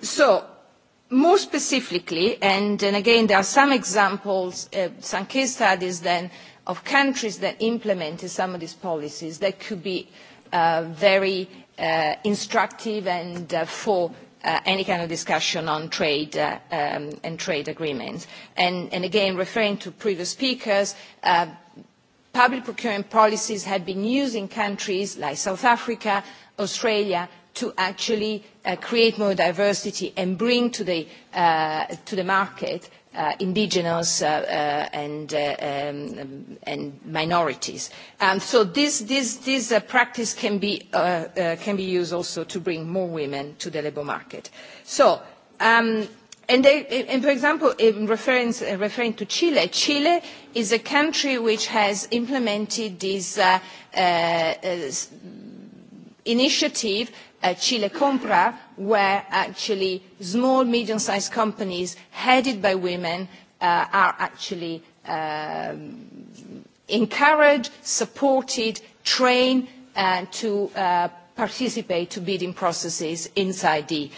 so more specifically, and, again, there are some examples, uh, some case studies then, of countries that implemented some of these policies that could be uh, very uh, instructive and uh, for uh, any kind of discussion on trade uh, um, and trade agreements. And, and again, referring to previous speakers, uh, public procurement policies have been used in countries like South Africa, Australia, to actually uh, create more diversity and bring to the, uh, to the market uh, indigenous uh, uh, and, uh, um, and minorities. Um, so this, this, this uh, practice can be, uh, uh, can be used also to bring more women to the labour market. So, um, and, they, and for example, in referring, uh, referring to Chile, Chile is a country which has implemented this uh, uh, initiative Chile Compra, where actually small, medium-sized companies headed by women are actually encouraged, supported, trained to participate to bidding processes inside the,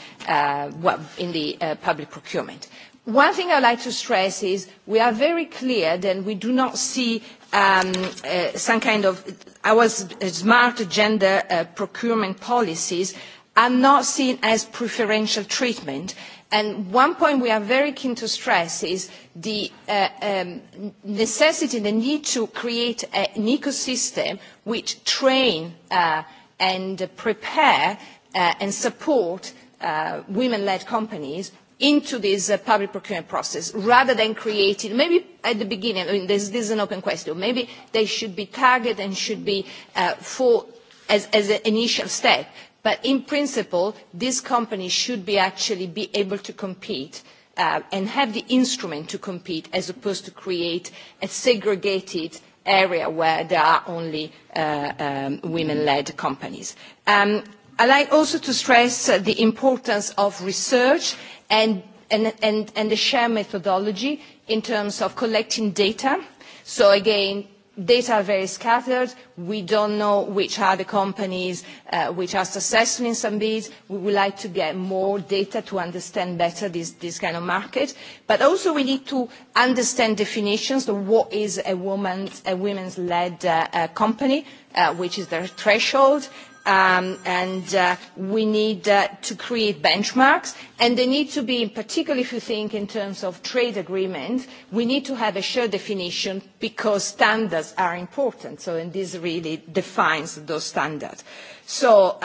in the public procurement. One thing I'd like to stress is we are very clear that we do not see um, uh, some kind of our smart gender uh, procurement policies are not seen as preferential treatment. And one point we are very keen to stress is the uh, um, necessity, the need to create a, an ecosystem which train uh, and prepare uh, and support uh, women-led companies into this uh, public procurement process rather than creating, maybe at the beginning, I mean, this, this is an open question, maybe they should be targeted and should be uh, for as, as an initial step. But in principle, these companies should be actually be able to compete uh, and have the instrument to compete as opposed to create a segregated area where there are only uh, um, women-led companies. Um, I like also to stress the importance of research and, and, and, and the share methodology in terms of collecting data. So again, data are very scattered. We don't know which are the companies uh, which are successful in some bids. We would like to get more data to understand better this, this kind of market. But also we need to understand definitions of what is a woman's, a women's-led uh, uh, company, uh, which is their threshold, um, and we need to create benchmarks and they need to be, particularly if you think in terms of trade agreements, we need to have a shared definition because standards are important. So and this really defines those standards. So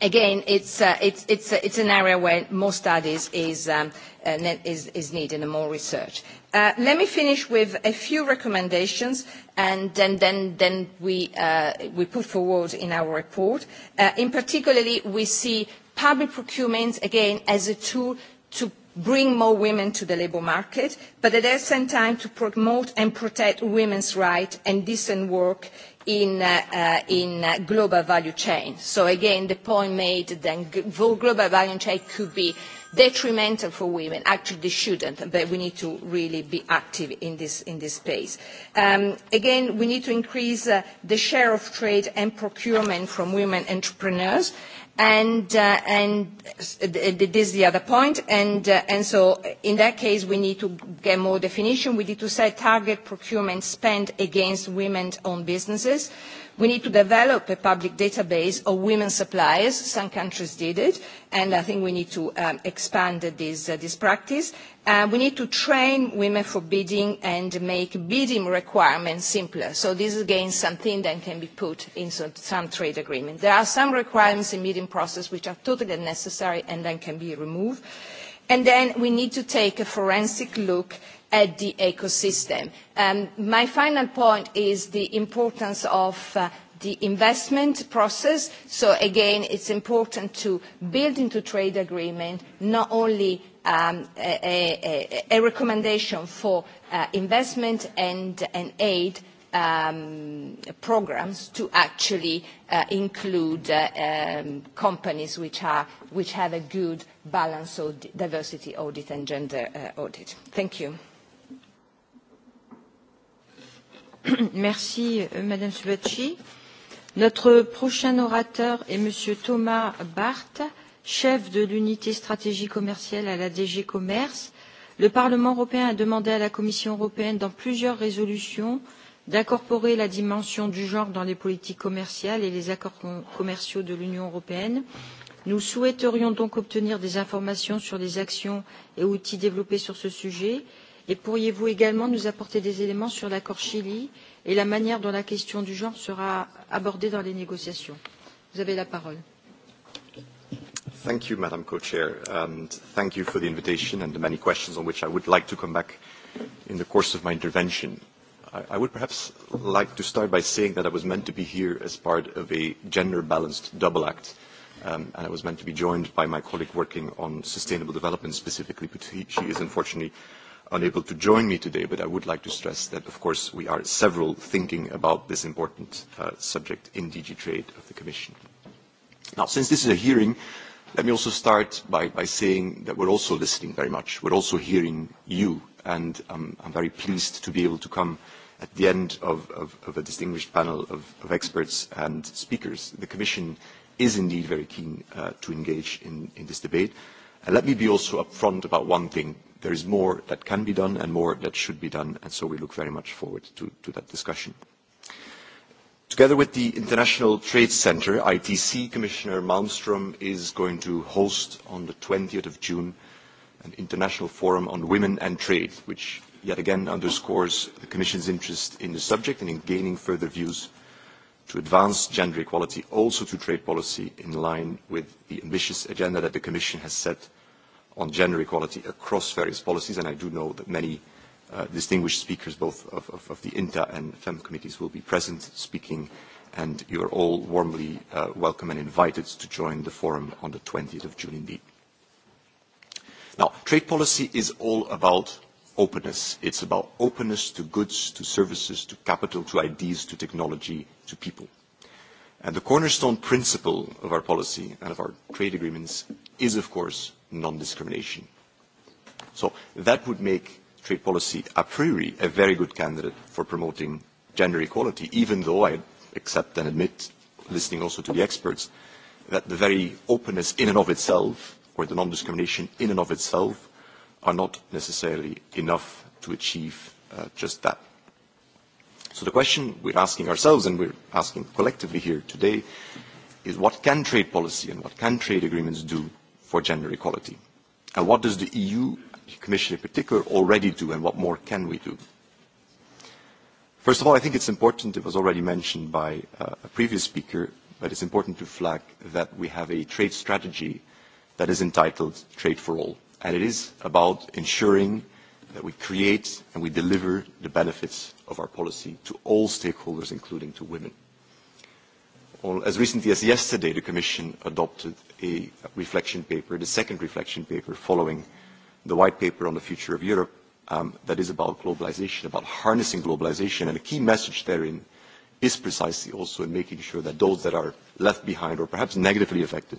again, it's, uh, it's, it's, it's an area where more studies is, um, is, is needed and more research. let me finish with a few recommendations and then, then, then we, uh, we put forward in our report. Uh, in particularly, we see public procurement, again, as a tool to bring more women to the labour market, but at the same time to promote and protect women's rights and decent work in, global value chain. So again, the point made that global value chain could be detrimental for women. Actually, they shouldn't, but we need to really be active in this, in this space. Um, again, we need to increase uh, the share of trade and procurement from women entrepreneurs and and this is the other point and uh, and so in that case we need to get more definition we need to set target procurement spend against women owned businesses We need to develop a public database of women suppliers. Some countries did it, and I think we need to um, expand this, uh, this practice. Uh, we need to train women for bidding and make bidding requirements simpler. So this is again something that can be put into some trade agreement. There are some requirements in bidding process which are totally unnecessary and then can be removed. And then we need to take a forensic look at the ecosystem. my final point is the importance of the investment process. So again, it's important to build into trade agreement not only a, recommendation for investment and, aid programs to actually include companies which, are, which have a good balance of diversity audit and gender audit. Thank you. Merci, Madame Subacci. Notre prochain orateur est Monsieur Thomas Barth, chef de l'unité stratégie commerciale à la DG Commerce. Le Parlement européen a demandé à la Commission européenne, dans plusieurs résolutions, d'incorporer la dimension du genre dans les politiques commerciales et les accords commerciaux de l'Union européenne. Nous souhaiterions donc obtenir des informations sur les actions et outils développés sur ce sujet et pourriez vous également nous apporter des éléments sur l'accord chili et la manière dont la question du genre sera abordée dans les négociations? vous avez la parole. Madame Madam Co-Chair, and thank you for the invitation and the many questions on which I would like to come back in the course of my intervention. I, would perhaps like to start by saying that I was meant to be here as part of a gender-balanced double act, um, and I was meant to be joined by my colleague working on sustainable development, specifically, but she is unfortunately unable to join me today, but I would like to stress that, of course, we are several thinking about this important uh, subject in DG Trade of the Commission. Now, since this is a hearing, let me also start by, by saying that we're also listening very much. We're also hearing you, and um, I'm very pleased to be able to come at the end of, of, of a distinguished panel of, of experts and speakers. The Commission is indeed very keen uh, to engage in, in this debate let me be also upfront about one thing. There is more that can be done and more that should be done, and so we look very much forward to, to that discussion. Together with the International Trade Center, ITC, Commissioner Malmström is going to host on the 20th of June an international forum on women and trade, which yet again underscores the Commission's interest in the subject and in gaining further views to advance gender equality also to trade policy in line with the ambitious agenda that the Commission has set on gender equality across various policies, and I do know that many uh, distinguished speakers, both of, of, of the INTA and FEM committees, will be present speaking, and you are all warmly uh, welcome and invited to join the forum on the 20th of June indeed. Now, trade policy is all about openness. It's about openness to goods, to services, to capital, to ideas, to technology, to people. And the cornerstone principle of our policy and of our trade agreements is, of course, non-discrimination. So that would make trade policy a priori a very good candidate for promoting gender equality, even though I accept and admit, listening also to the experts, that the very openness in and of itself, or the non-discrimination in and of itself, are not necessarily enough to achieve uh, just that. So the question we're asking ourselves and we're asking collectively here today is what can trade policy and what can trade agreements do for gender equality? And what does the EU, the Commission in particular, already do and what more can we do? First of all, I think it's important, it was already mentioned by uh, a previous speaker, but it's important to flag that we have a trade strategy that is entitled Trade for All and it is about ensuring that we create and we deliver the benefits of our policy to all stakeholders, including to women. As recently as yesterday, the Commission adopted a reflection paper, the second reflection paper following the white paper on the future of Europe um, that is about globalization, about harnessing globalization. And a key message therein is precisely also in making sure that those that are left behind or perhaps negatively affected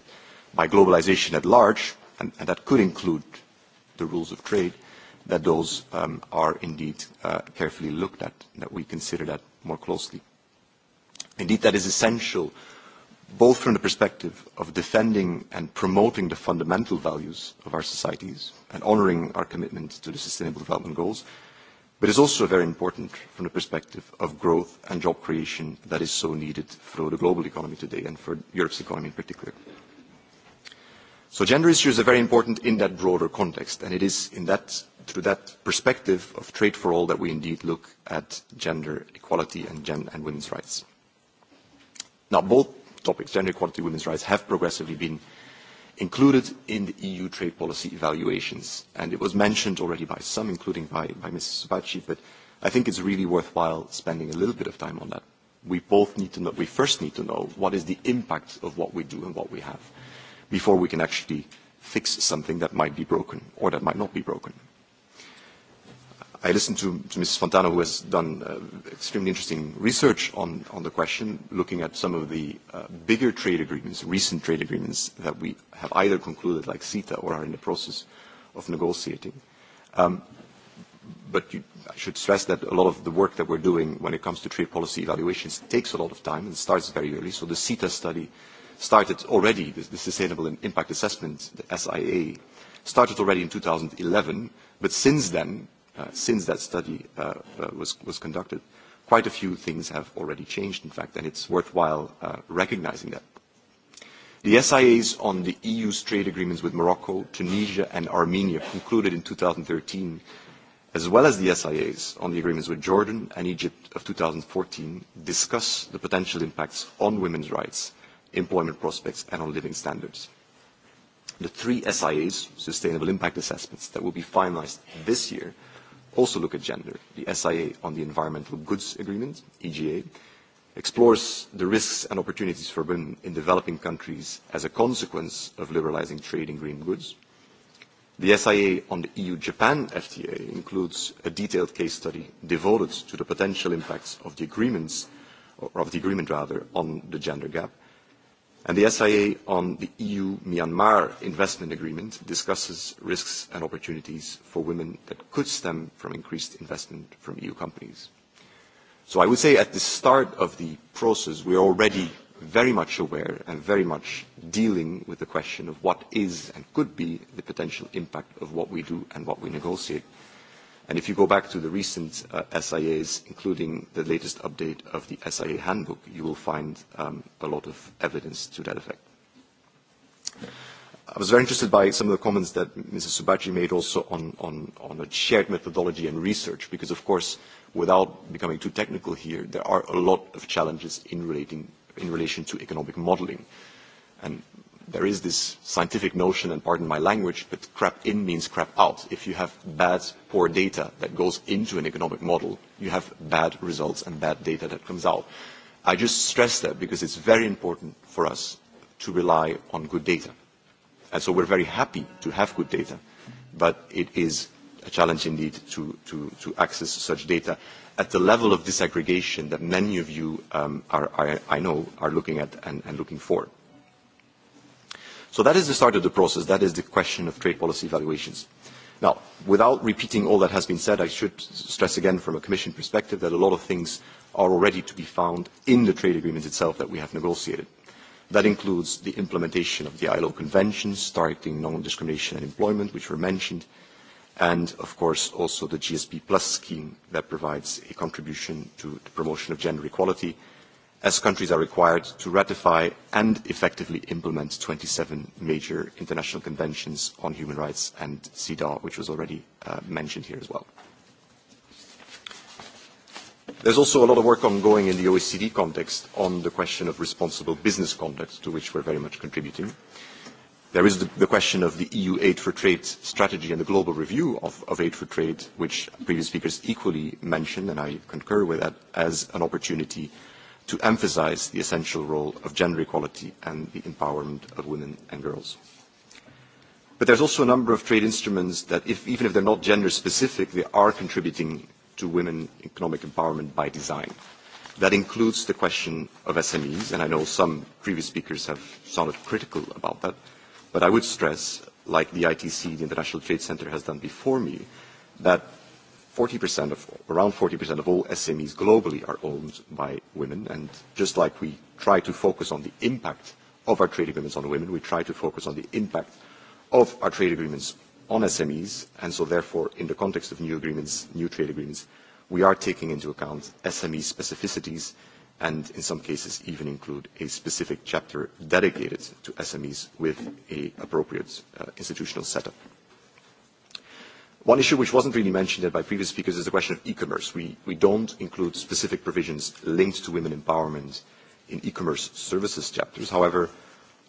by globalization at large and, and that could include the rules of trade, that those um, are indeed uh, carefully looked at, that we consider that more closely. Indeed, that is essential both from the perspective of defending and promoting the fundamental values of our societies and honoring our commitment to the Sustainable Development Goals, but is also very important from the perspective of growth and job creation that is so needed for the global economy today and for Europe's economy in particular. So gender issues are very important in that broader context, and it is in that, through that perspective of trade for all that we indeed look at gender equality and, gen- and women's rights. Now, both topics, gender equality and women's rights, have progressively been included in the EU trade policy evaluations, and it was mentioned already by some, including by, by Mrs. but I think it's really worthwhile spending a little bit of time on that. We both need to know, we first need to know what is the impact of what we do and what we have before we can actually fix something that might be broken or that might not be broken. I listened to, to Mrs. Fontana, who has done uh, extremely interesting research on, on the question, looking at some of the uh, bigger trade agreements, recent trade agreements that we have either concluded, like CETA, or are in the process of negotiating. Um, but you, I should stress that a lot of the work that we're doing when it comes to trade policy evaluations takes a lot of time and starts very early. So the CETA study started already, the, Sustainable Impact Assessment, the SIA, started already in 2011, but since then, uh, since that study uh, was, was conducted, quite a few things have already changed, in fact, and it's worthwhile uh, recognizing that. The SIAs on the EU's trade agreements with Morocco, Tunisia, and Armenia concluded in 2013, as well as the SIAs on the agreements with Jordan and Egypt of 2014, discuss the potential impacts on women's rights employment prospects, and on living standards. The three SIAs, Sustainable Impact Assessments, that will be finalized this year also look at gender. The SIA on the Environmental Goods Agreement, EGA, explores the risks and opportunities for women in developing countries as a consequence of liberalizing trade in green goods. The SIA on the EU-Japan FTA includes a detailed case study devoted to the potential impacts of the agreements, or of the agreement rather, on the gender gap and the SIA on the EU-Myanmar investment agreement discusses risks and opportunities for women that could stem from increased investment from EU companies. So I would say at the start of the process, we are already very much aware and very much dealing with the question of what is and could be the potential impact of what we do and what we negotiate And if you go back to the recent uh, SIAs, including the latest update of the SIA handbook, you will find um, a lot of evidence to that effect. I was very interested by some of the comments that Mrs. Subachi made also on, on, on a shared methodology and research, because of course, without becoming too technical here, there are a lot of challenges in, relating, in relation to economic modeling. And there is this scientific notion, and pardon my language, but crap in means crap out. If you have bad, poor data that goes into an economic model, you have bad results and bad data that comes out. I just stress that because it's very important for us to rely on good data. And so we're very happy to have good data, but it is a challenge indeed to, to, to access such data at the level of disaggregation that many of you um, are, are, I know are looking at and, and looking for. So that is the start of the process. That is the question of trade policy evaluations. Now, without repeating all that has been said, I should stress again from a Commission perspective that a lot of things are already to be found in the trade agreement itself that we have negotiated. That includes the implementation of the ILO conventions targeting non-discrimination and employment, which were mentioned, and of course also the GSP Plus scheme that provides a contribution to the promotion of gender equality as countries are required to ratify and effectively implement twenty seven major international conventions on human rights and CEDAW, which was already mentioned here as well. There's also a lot of work ongoing in the OECD context on the question of responsible business conduct, to which we're very much contributing. There is the, the question of the EU Aid for Trade strategy and the global review of, of Aid for Trade, which previous speakers equally mentioned, and I concur with that, as an opportunity to emphasise the essential role of gender equality and the empowerment of women and girls. But there's also a number of trade instruments that, if, even if they're not gender specific, they are contributing to women economic empowerment by design. That includes the question of SMEs, and I know some previous speakers have sounded critical about that, but I would stress, like the ITC, the International Trade Center, has done before me, that 40% of, around 40% of all SMEs globally are owned by women, and just like we try to focus on the impact of our trade agreements on women, we try to focus on the impact of our trade agreements on SMEs, and so therefore, in the context of new agreements, new trade agreements, we are taking into account SME specificities and in some cases even include a specific chapter dedicated to SMEs with an appropriate institutional setup. One issue which wasn't really mentioned by previous speakers is the question of e-commerce. We, we don't include specific provisions linked to women empowerment in e-commerce services chapters. However,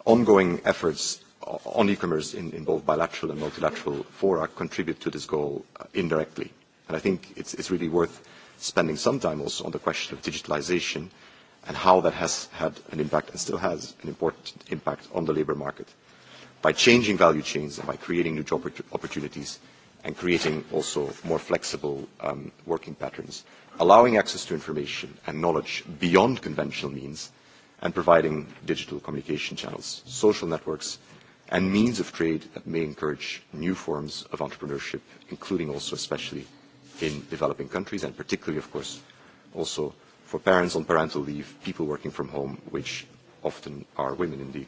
ongoing efforts on e-commerce in, in both bilateral and multilateral fora contribute to this goal indirectly. And I think it's, it's really worth spending some time also on the question of digitalization and how that has had an impact and still has an important impact on the labor market. By changing value chains and by creating new job opportunities, and creating also more flexible um, working patterns, allowing access to information and knowledge beyond conventional means, and providing digital communication channels, social networks, and means of trade that may encourage new forms of entrepreneurship, including also especially in developing countries, and particularly, of course, also for parents on parental leave, people working from home, which often are women indeed.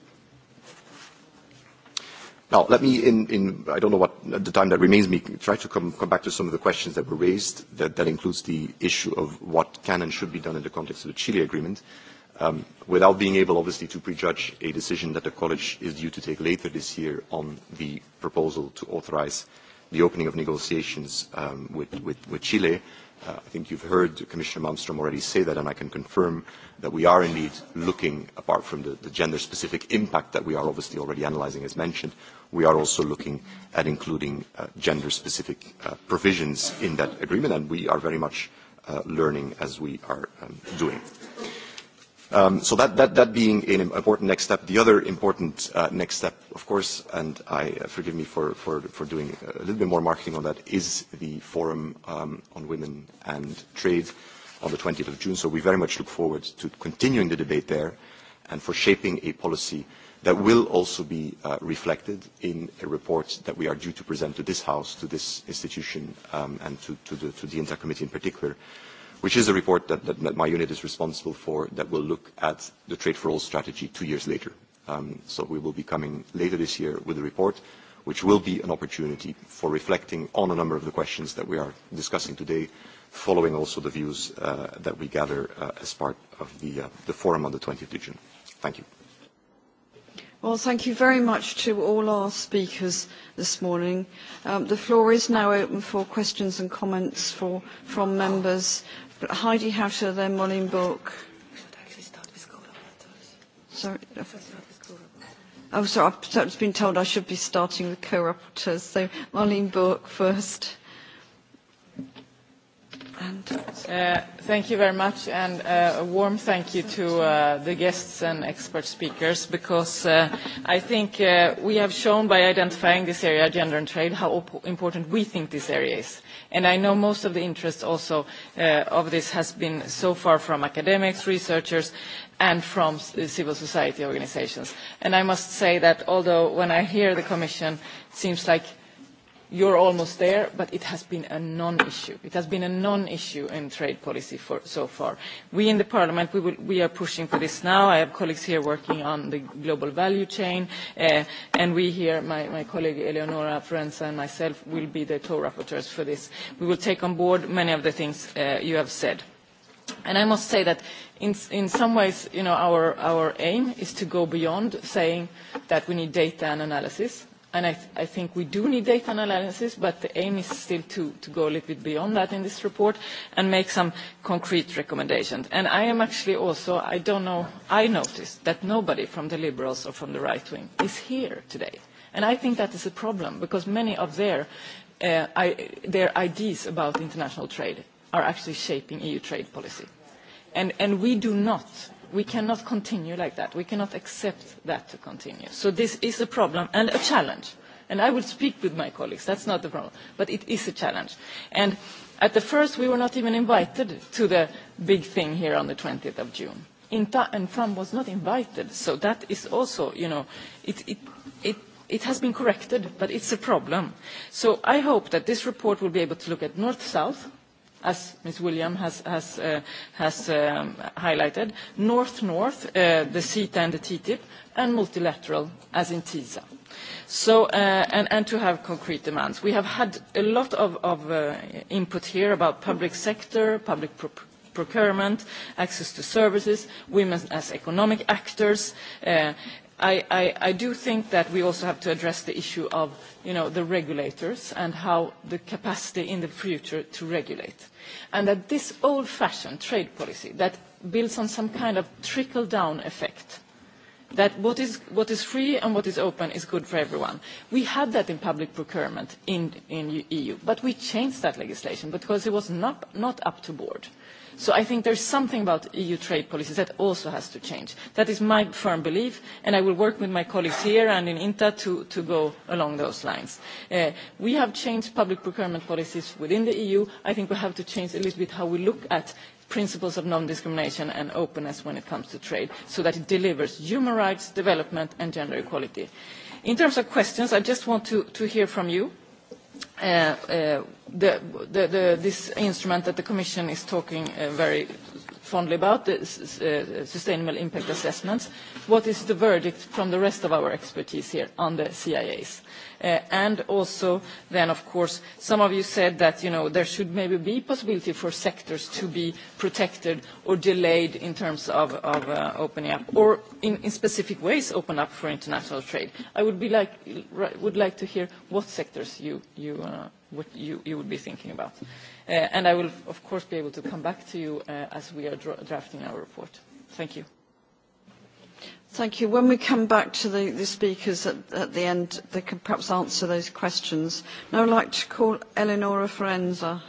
Now, let me, in, in I don't know what the time that remains me, try to come, come back to some of the questions that were raised. That, that includes the issue of what can and should be done in the context of the Chile agreement, um, without being able, obviously, to prejudge a decision that the college is due to take later this year on the proposal to authorize the opening of negotiations um, with, with, with Chile. I think you've heard Commissioner Malmstrm already say that, and I can confirm that we are indeed looking, apart from the, the gender-specific impact that we are obviously already analysing as mentioned, we are also looking at including uh, gender-specific uh, provisions in that agreement, and we are very much uh, learning as we are um, doing so that, that, that being an important next step, the other important uh, next step, of course, and I uh, forgive me for, for, for doing a little bit more marketing on that, is the forum um, on women and trade on the 20th of June. So we very much look forward to continuing the debate there and for shaping a policy that will also be uh, reflected in a report that we are due to present to this House, to this institution, um, and to, to, the, to the INTA committee in particular, which is a report that, that, that my unit is responsible for that will look at the Trade for All strategy two years later. Um, so we will be coming later this year with a report which will be an opportunity for reflecting on a number of the questions that we are discussing today, following also the views uh, that we gather uh, as part of the, uh, the forum on the 20th of June. Thank you. Well, thank you very much to all our speakers this morning. Um, the floor is now open for questions and comments for, from members Heidi Hatter, then Molin Book. Sorry. Oh, sorry, I've been told I should be starting with co-rapporteurs. So Marlene Book first. And uh, thank you very much, and uh, a warm thank you to uh, the guests and expert speakers, because uh, I think uh, we have shown by identifying this area, gender and trade, how important we think this area is And I know most of the interest also of this has been so far from academics, researchers, and from civil society organisations. And I must say that although when I hear the Commission, it seems like you're almost there, but it has been a non-issue. It has been a non-issue in trade policy for, so far. We in the Parliament, we, will, we are pushing for this now. I have colleagues here working on the global value chain, uh, and we here, my, my colleague Eleonora Forenza and myself, will be the co-rapporteurs for this. We will take on board many of the things uh, you have said. And I must say that in, in some ways, you know, our, our aim is to go beyond saying that we need data and analysis And I, I think we do need data analysis, but the aim is still to, to go a little bit beyond that in this report and make some concrete recommendations. And I am actually also, I don't know, I noticed that nobody from the Liberals or from the right wing is here today. And I think that is a problem because many of their, uh, I, their ideas about international trade are actually shaping EU trade policy. And, and we do not we cannot continue like that. We cannot accept that to continue. So this is a problem and a challenge. And I will speak with my colleagues. That's not the problem. But it is a challenge. And at the first, we were not even invited to the big thing here on the 20th of June. INTA and FAM was not invited. So that is also, you know, it, it, it, it has been corrected, but it's a problem. So I hope that this report will be able to look at North-South, as Ms. William has highlighted, North-North, the CETA and the TTIP, and multilateral, as in TISA. And to have concrete demands. We have had a lot of input here about public sector, public procurement, access to services, women as economic actors, I, I, I do think that we also have to address the issue of you know, the regulators and how the capacity in the future to regulate. And that this old-fashioned trade policy that builds on some kind of trickle-down effect, that what is, what is free and what is open is good for everyone. We had that in public procurement in, the EU, but we changed that legislation because it was not, not up to board. Uh, So I think there's something about EU trade policies that also has to change. That is my firm belief, and I will work with my colleagues here and in INTA to, to go along those lines. Uh, we have changed public procurement policies within the EU. I think we have to change a little bit how we look at principles of non-discrimination and openness when it comes to trade so that it delivers human rights, development and gender equality. In terms of questions, I just want to, to hear from you the, the, the, this instrument that the Commission is talking uh, very fondly about, the uh, sustainable impact assessments. What is the verdict from the rest of our expertise here on the CIAs? And also then, of course, some of you said that, you know, there should maybe be possibility for sectors to be protected or delayed in terms of of uh opening up or in in specific ways open up for international trade. I would be like would like to hear what sectors you you uh what you you would be thinking about. And I will, of course, be able to come back to you uh as we are drafting our report. Thank you. Thank you. When we come back to the, the speakers at, at the end, they can perhaps answer those questions. Now I'd like to call Eleonora Forenza.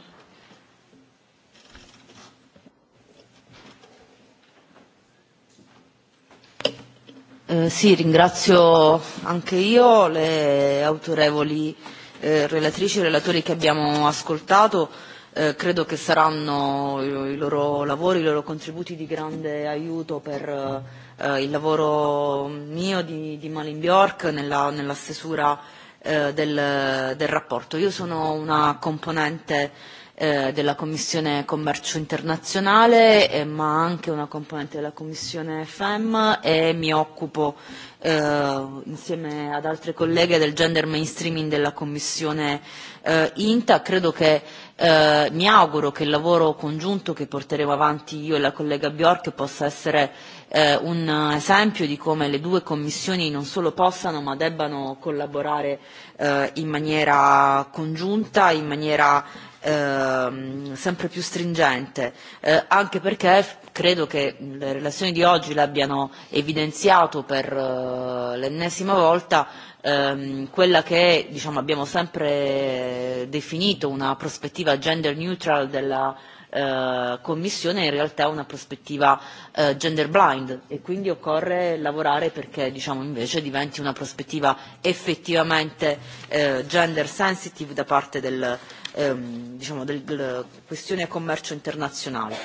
Eh, sì, ringrazio anche io le autorevoli eh, relatrici e relatori che abbiamo ascoltato. Eh, credo che saranno i, i loro lavori, i loro contributi di grande aiuto per eh, eh, il lavoro mio di, di Malin Bjork nella, nella stesura eh, del, del rapporto. Io sono una componente eh, della Commissione Commercio Internazionale, eh, ma anche una componente della Commissione FEM e mi occupo eh, insieme ad altre colleghe del gender mainstreaming della Commissione eh, INTA. Credo che Eh, mi auguro che il lavoro congiunto che porteremo avanti io e la collega Bjork possa essere eh, un esempio di come le due commissioni non solo possano ma debbano collaborare eh, in maniera congiunta, in maniera sempre più stringente, eh, anche perché credo che le relazioni di oggi l'abbiano evidenziato per eh, l'ennesima volta ehm, quella che diciamo, abbiamo sempre definito una prospettiva gender neutral della eh, Commissione in realtà è una prospettiva eh, gender blind e quindi occorre lavorare perché diciamo, invece diventi una prospettiva effettivamente eh, gender sensitive da parte del, ehm, diciamo, del, del questione commercio internazionale.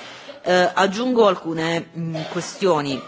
Eh, aggiungo alcune mh, questioni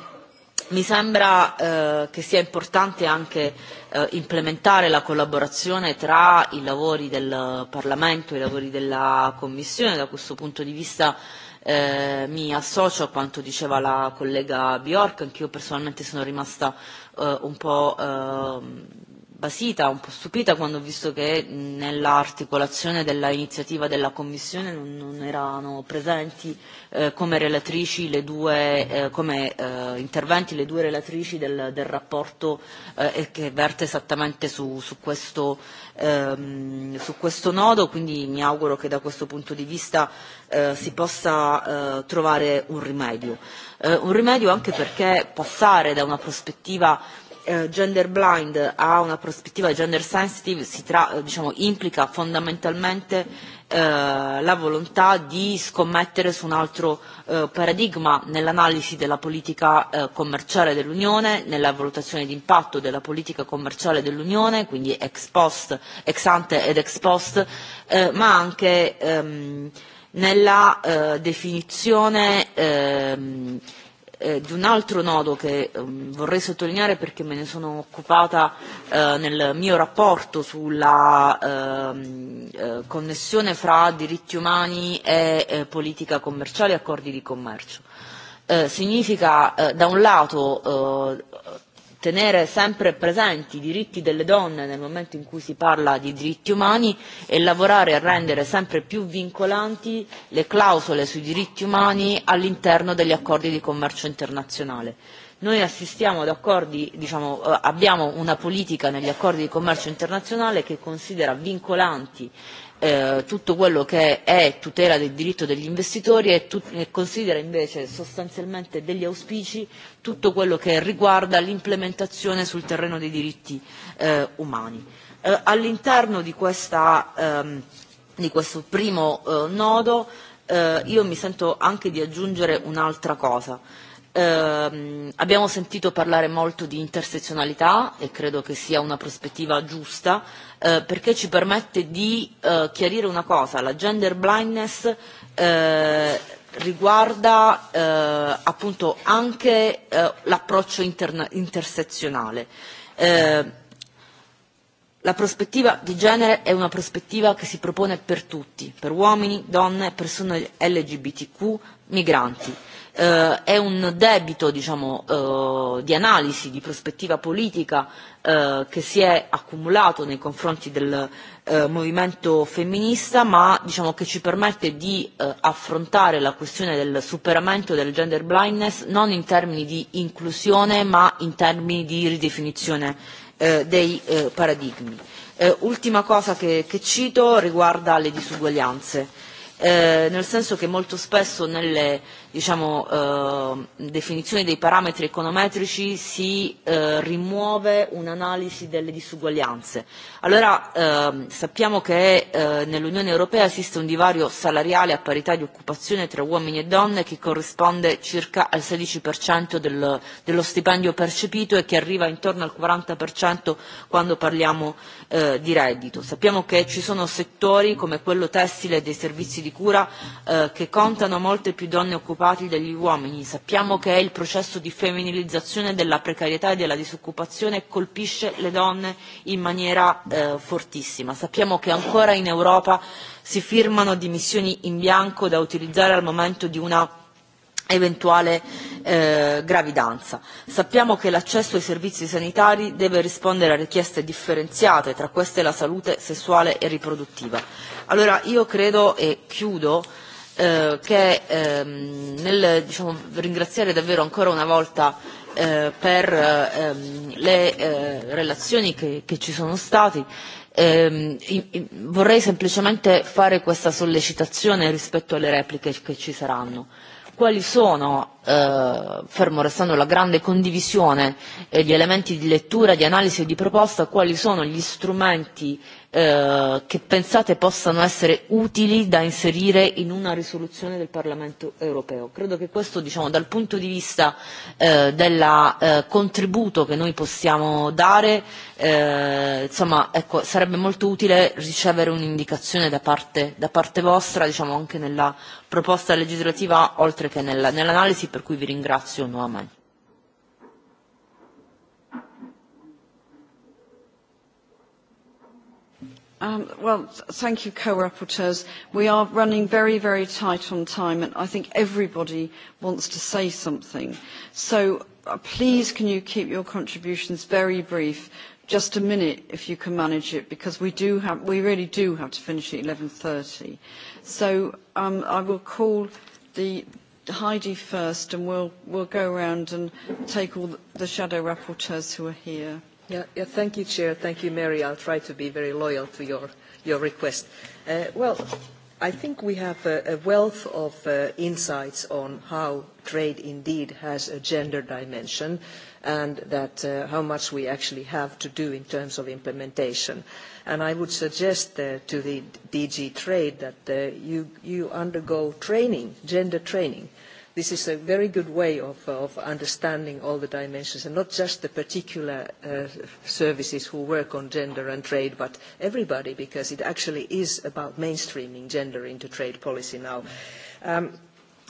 Mi sembra eh, che sia importante anche eh, implementare la collaborazione tra i lavori del Parlamento e i lavori della Commissione. Da questo punto di vista eh, mi associo a quanto diceva la collega Bjork, anch'io personalmente sono rimasta eh, un po' eh, basita, un po' stupita quando ho visto che nell'articolazione dell'iniziativa della Commissione non, non erano presenti eh, come relatrici le due, eh, come eh, interventi le due relatrici del, del rapporto eh, che verte esattamente su, su, questo, ehm, su questo nodo, quindi mi auguro che da questo punto di vista eh, si possa eh, trovare un rimedio. Eh, un rimedio anche perché passare da una prospettiva eh, gender blind ha una prospettiva gender sensitive si tra, diciamo, implica fondamentalmente eh, la volontà di scommettere su un altro eh, paradigma nell'analisi della politica eh, commerciale dell'Unione, nella valutazione di impatto della politica commerciale dell'Unione, quindi ex post, ex ante ed ex post, eh, ma anche ehm, nella eh, definizione ehm, eh, di un altro nodo che um, vorrei sottolineare perché me ne sono occupata eh, nel mio rapporto sulla eh, eh, connessione fra diritti umani e eh, politica commerciale e accordi di commercio. Eh, significa eh, da un lato eh, tenere sempre presenti i diritti delle donne nel momento in cui si parla di diritti umani e lavorare a rendere sempre più vincolanti le clausole sui diritti umani all'interno degli accordi di commercio internazionale. Noi assistiamo ad accordi, diciamo, abbiamo una politica negli accordi di commercio internazionale che considera vincolanti tutto quello che è tutela del diritto degli investitori e, e considera invece sostanzialmente degli auspici tutto quello che riguarda l'implementazione sul terreno dei diritti eh, umani. Eh, all'interno di, ehm, di questo primo eh, nodo eh, io mi sento anche di aggiungere un'altra cosa. Eh, abbiamo sentito parlare molto di intersezionalità e credo che sia una prospettiva giusta perché ci permette di eh, chiarire una cosa, la gender blindness eh, riguarda eh, appunto anche eh, l'approccio intersezionale. Eh, La prospettiva di genere è una prospettiva che si propone per tutti, per uomini, donne, persone LGBTQ, migranti eh, è un debito diciamo, eh, di analisi, di prospettiva politica eh, che si è accumulato nei confronti del eh, movimento femminista, ma diciamo, che ci permette di eh, affrontare la questione del superamento del gender blindness non in termini di inclusione, ma in termini di ridefinizione eh, dei eh, paradigmi. Eh, ultima cosa che, che cito riguarda le disuguaglianze, eh, nel senso che molto spesso nelle diciamo, eh, definizione dei parametri econometrici si eh, rimuove un'analisi delle disuguaglianze. Allora eh, sappiamo che eh, nell'Unione Europea esiste un divario salariale a parità di occupazione tra uomini e donne che corrisponde circa al 16% del, dello stipendio percepito e che arriva intorno al 40% quando parliamo eh, di reddito. Sappiamo che ci sono settori come quello tessile e dei servizi di cura eh, che contano molte più donne occupate occupati degli uomini. Sappiamo che il processo di femminilizzazione della precarietà e della disoccupazione colpisce le donne in maniera eh, fortissima. Sappiamo che ancora in Europa si firmano dimissioni in bianco da utilizzare al momento di una eventuale eh, gravidanza. Sappiamo che l'accesso ai servizi sanitari deve rispondere a richieste differenziate, tra queste la salute sessuale e riproduttiva. Allora io credo e chiudo che ehm, nel diciamo, ringraziare davvero ancora una volta eh, per ehm, le eh, relazioni che, che ci sono state vorrei semplicemente fare questa sollecitazione rispetto alle repliche che ci saranno. Quali sono, fermo restando la grande condivisione di elementi di lettura, di analisi e di proposta, quali sono gli strumenti che pensate possano essere utili da inserire in una risoluzione del Parlamento europeo. Credo che questo diciamo, dal punto di vista del contributo che noi possiamo dare insomma, ecco, sarebbe molto utile ricevere un'indicazione da parte, da parte vostra diciamo, anche nella proposta legislativa oltre che nella, nell'analisi per cui vi ringrazio nuovamente. well, thank you, co-rapporteurs. We are running very, very tight on time, and I think everybody wants to say something. So please, can you keep your contributions very brief? Just a minute, if you can manage it, because we do have, we really do have to finish at eleven thirty. So I will call the Heidi first, and we'll we'll go around and take all the shadow rapporteurs who are here. Yeah, yeah, thank you, Chair. Thank you, Mary. I'll try to be very loyal to your, your request. well, I think we have a, wealth of insights on how trade indeed has a gender dimension and that how much we actually have to do in terms of implementation. I would suggest to the DG Trade that you, you undergo training, gender training, this is a very good way of, of understanding all the dimensions and not just the particular uh, services who work on gender and trade but everybody because it actually is about mainstreaming gender into trade policy now. Um,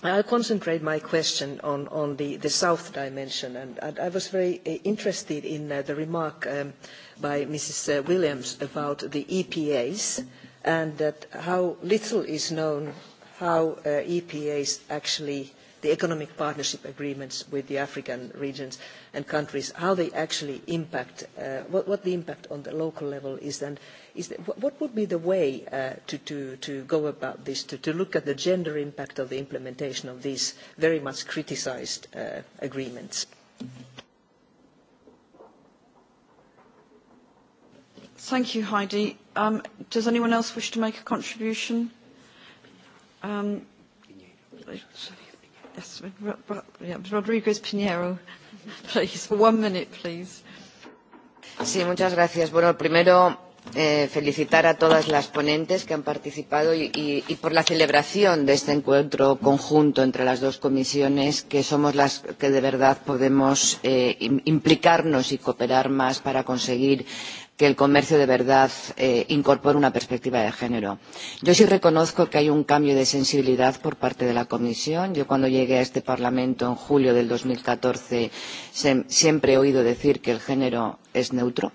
I'll concentrate my question on, on the, the South dimension, and, and I was very interested in uh, the remark um, by Mrs. Williams about the EPAs and that how little is known how uh, EPAs actually the economic partnership agreements with the African regions and countries, how they actually impact, what, the impact on the local level is, and what would be the way to, go about this, to, look at the gender impact of the implementation of these very much criticised agreements? Thank you, Heidi. does anyone else wish to make a contribution? Yes, Rodriguez Pinheiro, please, for one minute, please. Sí, muchas gracias. Bueno, primero eh, felicitar a todas las ponentes que han participado y, y, y por la celebración de este encuentro conjunto entre las dos comisiones, que somos las que de verdad podemos eh, implicarnos y cooperar más para conseguir que el comercio de verdad eh, incorpore una perspectiva de género. Yo sí reconozco que hay un cambio de sensibilidad por parte de la Comisión. Yo cuando llegué a este Parlamento en julio del 2014 se, siempre he oído decir que el género es neutro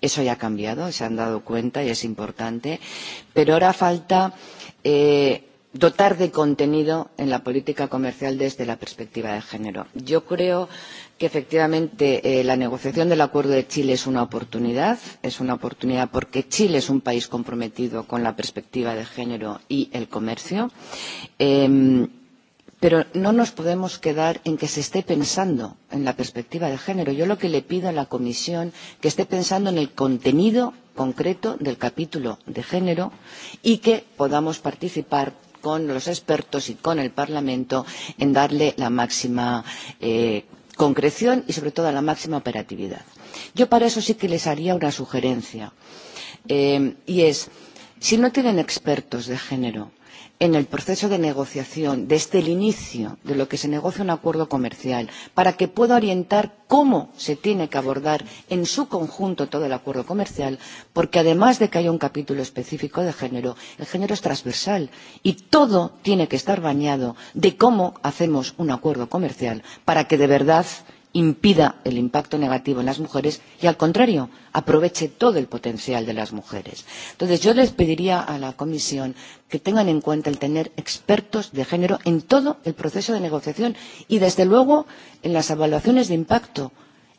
Eso ya ha cambiado, se han dado cuenta y es importante. Pero ahora falta eh, dotar de contenido en la política comercial desde la perspectiva de género. Yo creo que efectivamente eh, la negociación del acuerdo de Chile es una oportunidad, es una oportunidad porque Chile es un país comprometido con la perspectiva de género y el comercio. Eh, Pero no nos podemos quedar en que se esté pensando en la perspectiva de género. Yo lo que le pido a la Comisión que esté pensando en el contenido concreto del capítulo de género y que podamos participar con los expertos y con el Parlamento en darle la máxima eh, concreción y sobre todo la máxima operatividad. Yo para eso sí que les haría una sugerencia eh, y es si no tienen expertos de género en el proceso de negociación, desde el inicio de lo que se negocia un acuerdo comercial, para que pueda orientar cómo se tiene que abordar en su conjunto todo el acuerdo comercial, porque además de que haya un capítulo específico de género, el género es transversal y todo tiene que estar bañado de cómo hacemos un acuerdo comercial para que de verdad impida el impacto negativo en las mujeres y, al contrario, aproveche todo el potencial de las mujeres. Entonces, yo les pediría a la Comisión que tengan en cuenta el tener expertos de género en todo el proceso de negociación y, desde luego, en las evaluaciones de impacto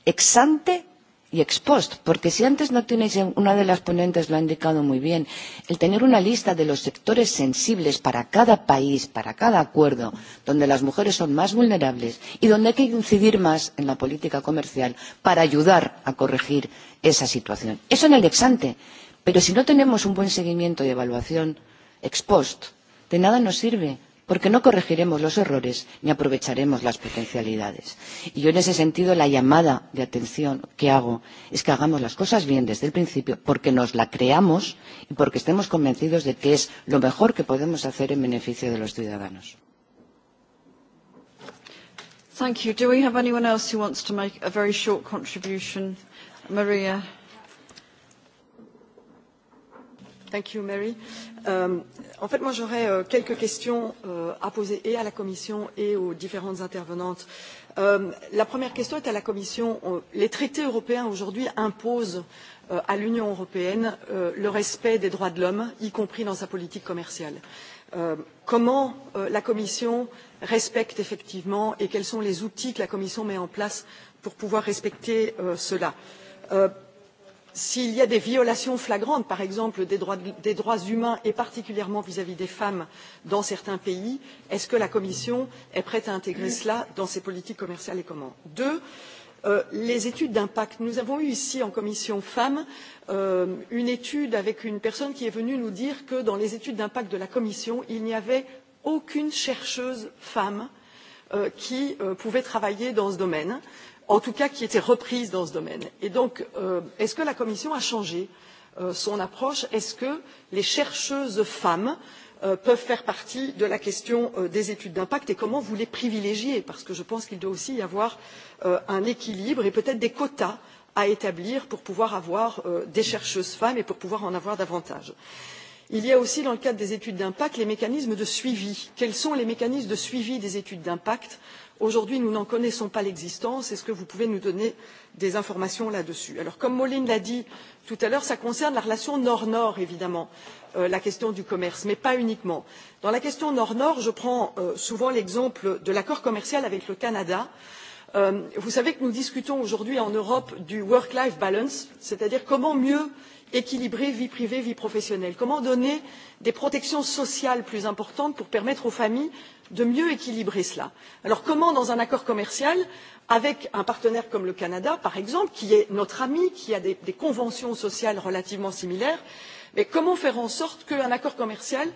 ex ante y ex post, porque si antes no tienes, una de las ponentes lo ha indicado muy bien, el tener una lista de los sectores sensibles para cada país, para cada acuerdo, donde las mujeres son más vulnerables y donde hay que incidir más en la política comercial para ayudar a corregir esa situación. Eso en el ex ante, pero si no tenemos un buen seguimiento y evaluación ex post, de nada nos sirve porque no corregiremos los errores ni aprovecharemos las potencialidades. Y yo en ese sentido la llamada de atención que hago es que hagamos las cosas bien desde el principio porque nos la creamos y porque estemos convencidos de que es lo mejor que podemos hacer en beneficio de los ciudadanos. Thank you. Do we have anyone else who wants to make a very short contribution? Maria. Thank you, Mary. Euh, en fait, moi, j'aurais euh, quelques questions euh, à poser et à la Commission et aux différentes intervenantes. Euh, la première question est à la Commission. Les traités européens aujourd'hui imposent euh, à l'Union européenne euh, le respect des droits de l'homme, y compris dans sa politique commerciale. Euh, comment euh, la Commission respecte effectivement et quels sont les outils que la Commission met en place pour pouvoir respecter euh, cela euh, s'il y a des violations flagrantes par exemple des droits humains et particulièrement vis à vis des femmes dans certains pays est ce que la commission est prête à intégrer cela dans ses politiques commerciales et comment? deuxièmement les études d'impact. nous avons eu ici en commission femm une étude avec une personne qui est venue nous dire que dans les études d'impact de la commission il n'y avait aucune chercheuse femme qui pouvait travailler dans ce domaine en tout cas qui étaient reprises dans ce domaine. Et donc, est-ce que la Commission a changé son approche Est-ce que les chercheuses femmes peuvent faire partie de la question des études d'impact et comment vous les privilégiez parce que je pense qu'il doit aussi y avoir un équilibre et peut être des quotas à établir pour pouvoir avoir des chercheuses femmes et pour pouvoir en avoir davantage. Il y a aussi, dans le cadre des études d'impact, les mécanismes de suivi. Quels sont les mécanismes de suivi des études d'impact Aujourd'hui, nous n'en connaissons pas l'existence. Est-ce que vous pouvez nous donner des informations là-dessus Alors, comme Moline l'a dit tout à l'heure, cela concerne la relation Nord-Nord, évidemment, la question du commerce, mais pas uniquement. Dans la question Nord-Nord, je prends souvent l'exemple de l'accord commercial avec le Canada. vous savez que nous discutons aujourd'hui en Europe du work-life balance, c'est-à-dire comment mieux équilibrer vie privée vie professionnelle comment donner des protections sociales plus importantes pour permettre aux familles de mieux équilibrer cela. alors comment dans un accord commercial avec un partenaire comme le canada par exemple qui est notre ami qui a des conventions sociales relativement similaires comment faire en sorte qu'un accord commercial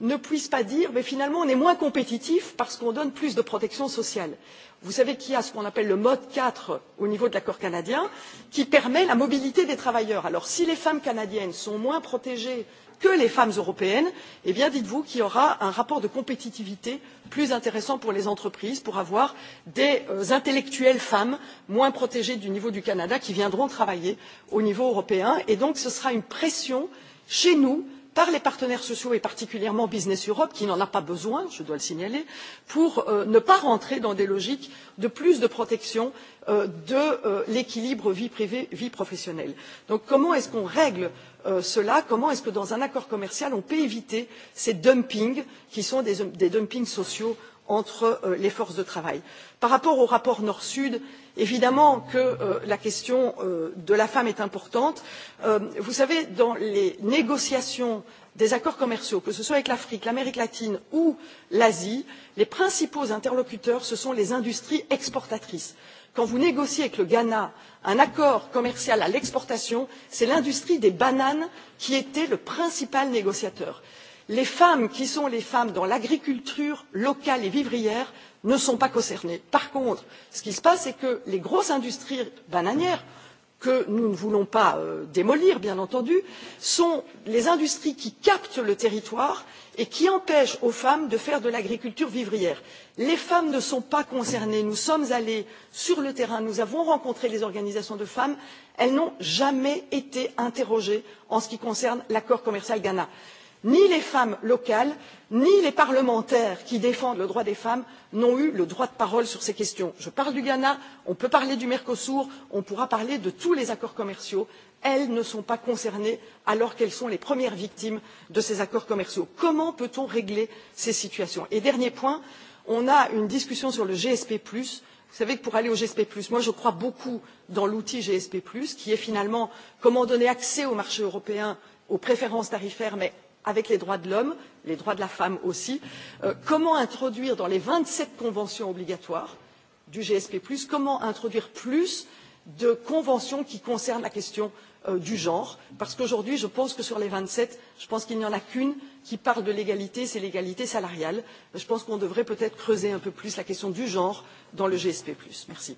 ne puisse pas dire finalement on est moins compétitif parce qu'on donne plus de protection sociale. vous savez qu'il y a ce qu'on appelle le mode quatre au niveau de l'accord canadien qui permet la mobilité des travailleurs. alors si les femmes canadiennes sont moins protégées que les femmes européennes eh bien dites vous qu'il y aura un rapport de compétitivité plus intéressant pour les entreprises pour avoir des intellectuelles femmes moins protégées du niveau du canada qui viendront travailler au niveau européen et donc ce sera une pression chez nous par les partenaires sociaux et particulièrement business europe qui n'en a pas besoin je dois le signaler pour ne pas rentrer dans des logiques de plus de protection de l'équilibre vie privée vie professionnelle. donc comment règle t on cela comment est ce que dans un accord commercial on peut éviter ces dumpings qui sont des dumpings sociaux entre les forces de travail? par rapport au rapport nord sud évidemment que la question de la femme est importante. vous savez dans les négociations des accords commerciaux que ce soit avec l'afrique l'amérique latine ou l'asie les principaux interlocuteurs ce sont les industries exportatrices. quand vous négociez avec le ghana un accord commercial à l'exportation c'est l'industrie des bananes qui était le principal négociateur les femmes qui sont les femmes dans l'agriculture locale et vivrière ne sont pas concernées. par contre ce qui se passe c'est que les grosses industries bananières que nous ne voulons pas démolir bien entendu sont les industries qui captent le territoire et qui empêchent aux femmes de faire de l'agriculture vivrière. les femmes ne sont pas concernées nous sommes allés sur le terrain nous avons rencontré les organisations de femmes elles n'ont jamais été interrogées en ce qui concerne l'accord commercial ghana ni les femmes locales ni les parlementaires qui défendent le droit des femmes n'ont eu le droit de parole sur ces questions. je parle du ghana on peut parler du mercosur on pourra parler de tous les accords commerciaux elles ne sont pas concernées alors qu'elles sont les premières victimes de ces accords commerciaux. comment peut on régler ces situations? et dernier point on a une discussion sur le gsp vous savez que pour aller au gsp je crois beaucoup dans l'outil gsp qui est finalement comment donner accès au marché européen aux préférences tarifaires mais avec les droits de l'homme les droits de la femme aussi comment introduire dans les vingt sept conventions obligatoires du gsp comment introduire plus de conventions qui concernent la question du genre parce qu'aujourd'hui je pense que sur les vingt sept je pense qu'il n'y en a qu'une qui parle de l'égalité c'est l'égalité salariale. je pense qu'on devrait peut être creuser un peu plus la question du genre dans le gsp. merci.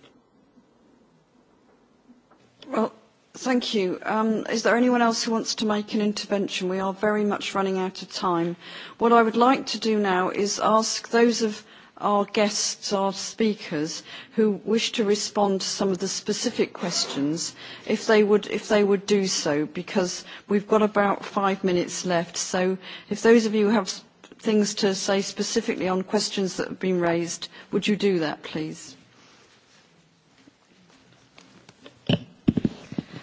Thank you. Um, is there anyone else who wants to make an intervention? We are very much running out of time. What I would like to do now is ask those of our guests, our speakers, who wish to respond to some of the specific questions, if they would, if they would do so, because we've got about five minutes left. So if those of you have things to say specifically on questions that have been raised, would you do that, please?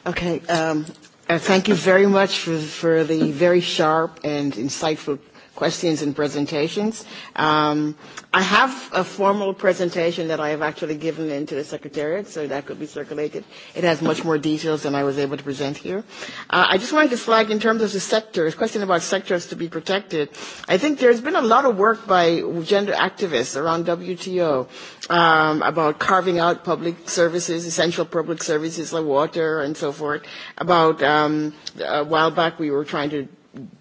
Okay. Um, thank you very much for, for the very sharp and insightful questions and presentations. Um, I have a formal presentation that I have actually given into the Secretariat, so that could be circulated. It has much more details than I was able to present here. Uh, I just wanted to flag in terms of the sectors, question about sectors to be protected. I think there's been a lot of work by gender activists around WTO um, about carving out public services, essential public services like water and so forth. About um, a while back, we were trying to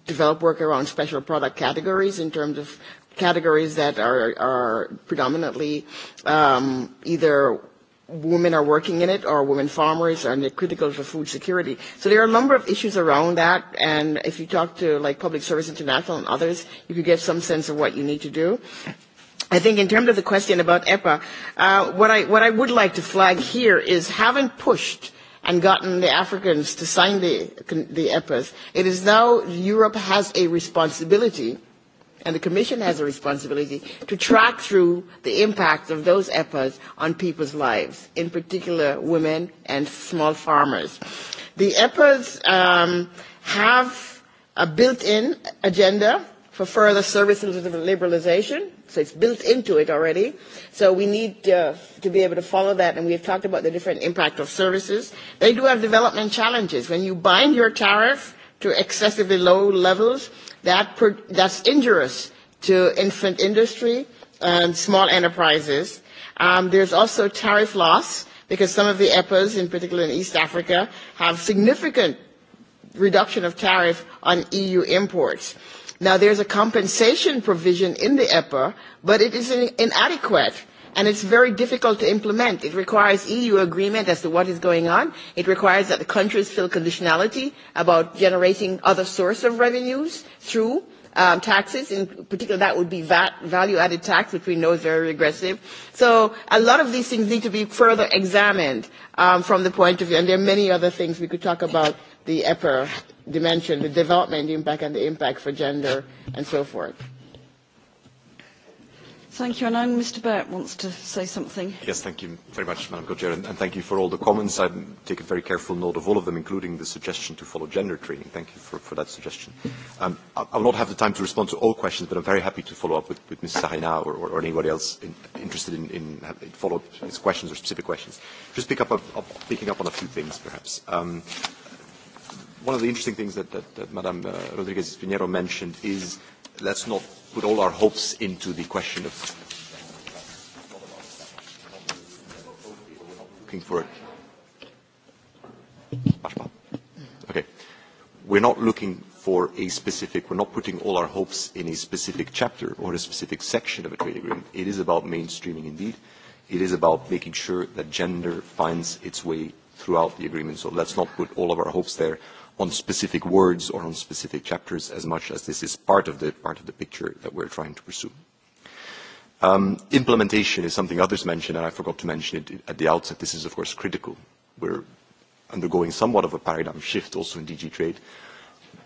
develop work around special product categories in terms of categories that are, are predominantly um, either women are working in it or women farmers and they're critical for food security. So there are a number of issues around that and if you talk to like Public Service International and others, you could get some sense of what you need to do. I think in terms of the question about EPA, uh, what, I, what I would like to flag here is having pushed – and gotten the Africans to sign the, the EPAs. It is now Europe has a responsibility, and the Commission has a responsibility, to track through the impact of those EPAs on people's lives, in particular women and small farmers. The EPAs um, have a built-in agenda for further service liberalization So it's built into it already. So we need uh, to be able to follow that. And we have talked about the different impact of services. They do have development challenges. When you bind your tariff to excessively low levels, that per, that's injurious to infant industry and small enterprises. Um, there's also tariff loss because some of the EPAs, in particular in East Africa, have significant reduction of tariff on EU imports. Now, there's a compensation provision in the EPA, but it is inadequate and it's very difficult to implement. It requires EU agreement as to what is going on. It requires that the countries fill conditionality about generating other source of revenues through um, taxes. In particular, that would be VAT, value-added tax, which we know is very regressive. So a lot of these things need to be further examined um, from the point of view, and there are many other things we could talk about the EPR dimension, the development impact and the impact for gender and so forth. Thank you. And now Mr. Burt wants to say something. Yes, thank you very much, Madam Co-Chair, and thank you for all the comments. I've taken very careful note of all of them, including the suggestion to follow gender training. Thank you for, for that suggestion. Um, I, I will not have the time to respond to all questions, but I'm very happy to follow up with, with Ms. Sahina or, or, or anybody else in, interested in, in, in follow-up questions or specific questions. Just pick up, up, picking up on a few things, perhaps. Um, one of the interesting things that, that, that Madame uh, Rodriguez Pinheiro mentioned is let's not put all our hopes into the question of looking for it. Okay. We're not looking for a specific, we're not putting all our hopes in a specific chapter or a specific section of a trade agreement. It is about mainstreaming indeed. It is about making sure that gender finds its way throughout the agreement. So let's not put all of our hopes there on specific words or on specific chapters as much as this is part of the, part of the picture that we're trying to pursue. Um, implementation is something others mentioned, and I forgot to mention it at the outset. This is, of course, critical. We're undergoing somewhat of a paradigm shift also in DG Trade.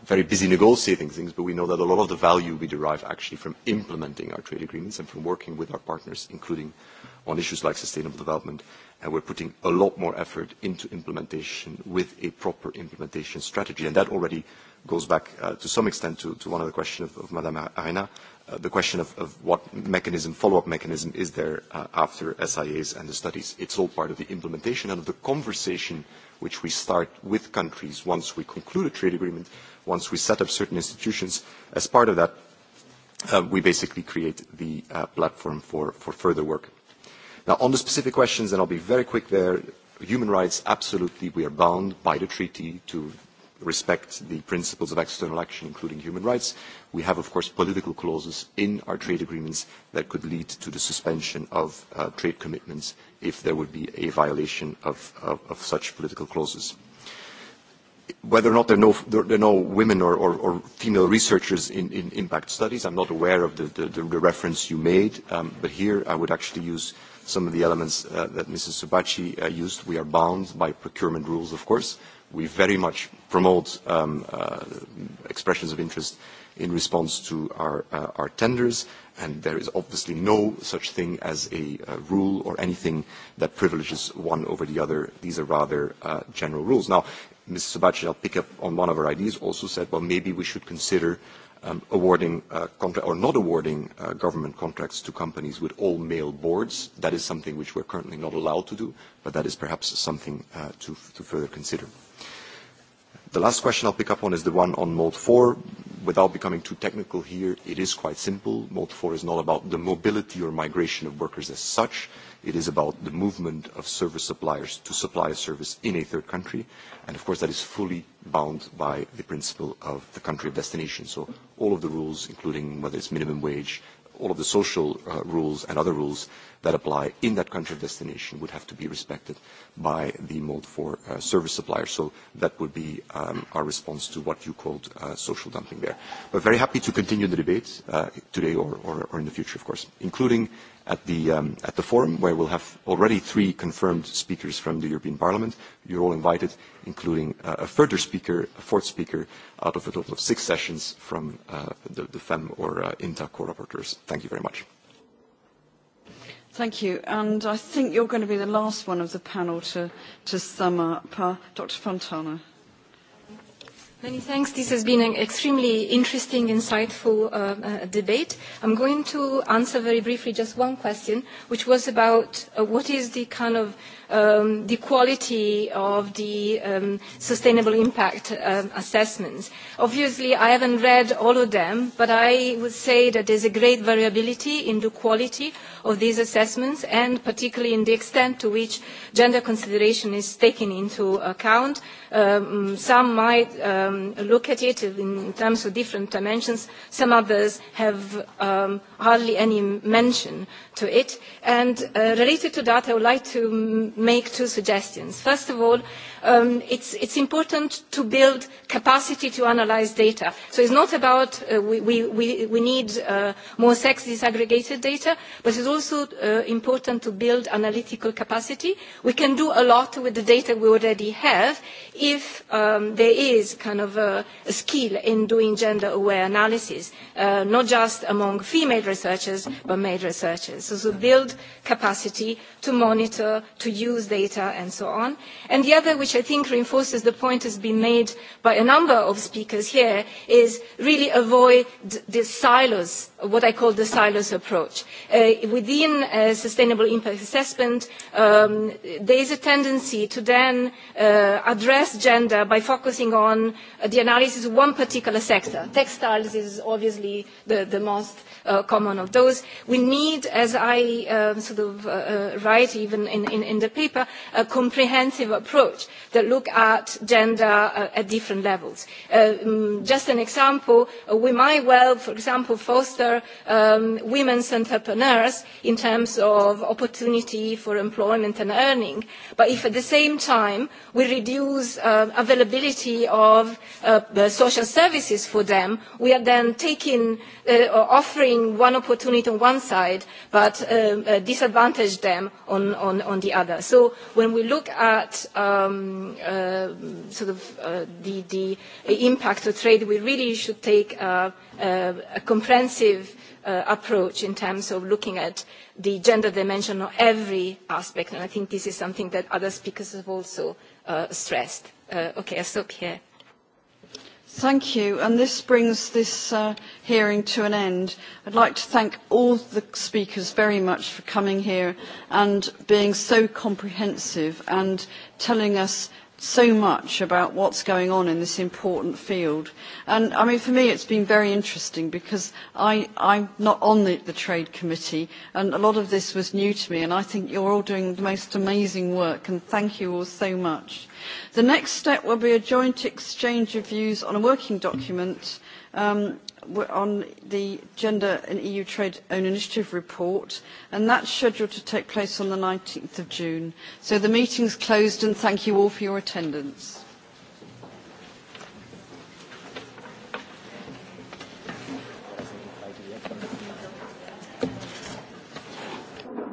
Very busy negotiating things, but we know that a lot of the value we derive actually from implementing our trade agreements and from working with our partners, including on issues like sustainable development, and we're putting a lot more effort into implementation with a proper implementation strategy. And that already goes back uh, to some extent to, to one of the questions of, of Madame Arena, uh, the question of, of what mechanism, follow-up mechanism is there uh, after SIAs and the studies. It's all part of the implementation and of the conversation which we start with countries once we conclude a trade agreement, once we set up certain institutions. As part of that, uh, we basically create the uh, platform for, for further work. Now, on the specific questions, and I'll be very quick there, human rights, absolutely, we are bound by the treaty to respect the principles of external action, including human rights. We have, of course, political clauses in our trade agreements that could lead to the suspension of uh, trade commitments if there would be a violation of, of, of such political clauses. Whether or not there are no, there, there are no women or, or, or female researchers in, in impact studies, I'm not aware of the, the, the reference you made, um, but here I would actually use some of the elements uh, that Mrs. Subachi uh, used. We are bound by procurement rules, of course. We very much promote um, uh, expressions of interest in response to our, uh, our tenders, and there is obviously no such thing as a uh, rule or anything that privileges one over the other. These are rather uh, general rules. Now, Mrs. Subachi, I'll pick up on one of her ideas, also said, well, maybe we should consider uh, awarding contract or not awarding government contracts to companies with all-male boards. That is something which we're currently not allowed to do, but that is perhaps something to further consider. The last question I'll pick up on is the one on Mode 4. Without becoming too technical here, it is quite simple. Mode 4 is not about the mobility or migration of workers as such. It is about the movement of service suppliers to supply a service in a third country. And of course, that is fully bound by the principle of the country of destination. So all of the rules, including whether it's minimum wage, all of the social uh, rules and other rules that apply in that country of destination would have to be respected by the mode for uh, service supplier. So that would be um, our response to what you called uh, social dumping there. But very happy to continue the debate uh, today or, or, or in the future, of course, including at the, um, at the forum, where we'll have already three confirmed speakers from the European Parliament. You're all invited, including uh, a further speaker, a fourth speaker, out of a total of six sessions from uh, the, the FEM or uh, INTA co-rapporteurs. Thank you very much. Thank you. And I think you're going to be the last one of the panel to, to sum up. Uh, Dr. Fontana. Many thanks. This has been an extremely interesting, insightful uh, uh, debate. I'm going to answer very briefly just one question, which was about uh, what is the kind of um, the quality of the um, sustainable impact um, assessments. Obviously, I haven't read all of them, but I would say that there's a great variability in the quality of these assessments and particularly in the extent to which gender consideration is taken into account. Um, some might um, look at it in terms of different dimensions. Some others have um, hardly any mention to it. And uh, related to that, I would like to make two suggestions. First of all, um, it's, it's important to build capacity to analyze data. So it's not about uh, we, we, we need uh, more sex disaggregated data, but it's also uh, important to build analytical capacity. We can do a lot with the data we already have if um, there is kind of a, a skill in doing gender-aware analysis, uh, not just among female researchers, but male researchers. So, so build capacity to monitor, to use data, and so on. And the other, which which I think reinforces the point that has been made by a number of speakers here, is really avoid the silos, what I call the silos approach. within sustainable impact assessment, there is a tendency to then address gender by focusing on the analysis of one particular sector. Textiles is obviously the, the most common of those. We need, as I sort of write even in, in, in the paper, a comprehensive approach that look at gender at different levels. just an example, we might well, for example, foster women's entrepreneurs in terms of opportunity for employment and earning, but if at the same time we reduce availability of social services for them, we are then taking or offering one opportunity on one side, but disadvantage them on, on, on the other. So when we look at um, sort of uh, the, the impact of trade, we really should take a, a, a comprehensive uh, approach in terms of looking at the gender dimension of every aspect. And I think this is something that other speakers have also uh, stressed. Uh, okay, I'll stop here. Thank you. And this brings this uh, hearing to an end. I'd like to thank all the speakers very much for coming here and being so comprehensive and telling us so much about what's going on in this important field. And I mean, for me, it's been very interesting because I, I'm not on the, the Trade Committee and a lot of this was new to me and I think you're all doing the most amazing work and thank you all so much. The next step will be a joint exchange of views on a working document um, on the Gender and EU Trade Own Initiative report, and that's scheduled to take place on the 19th of June. So the meeting's closed, and thank you all for your attendance.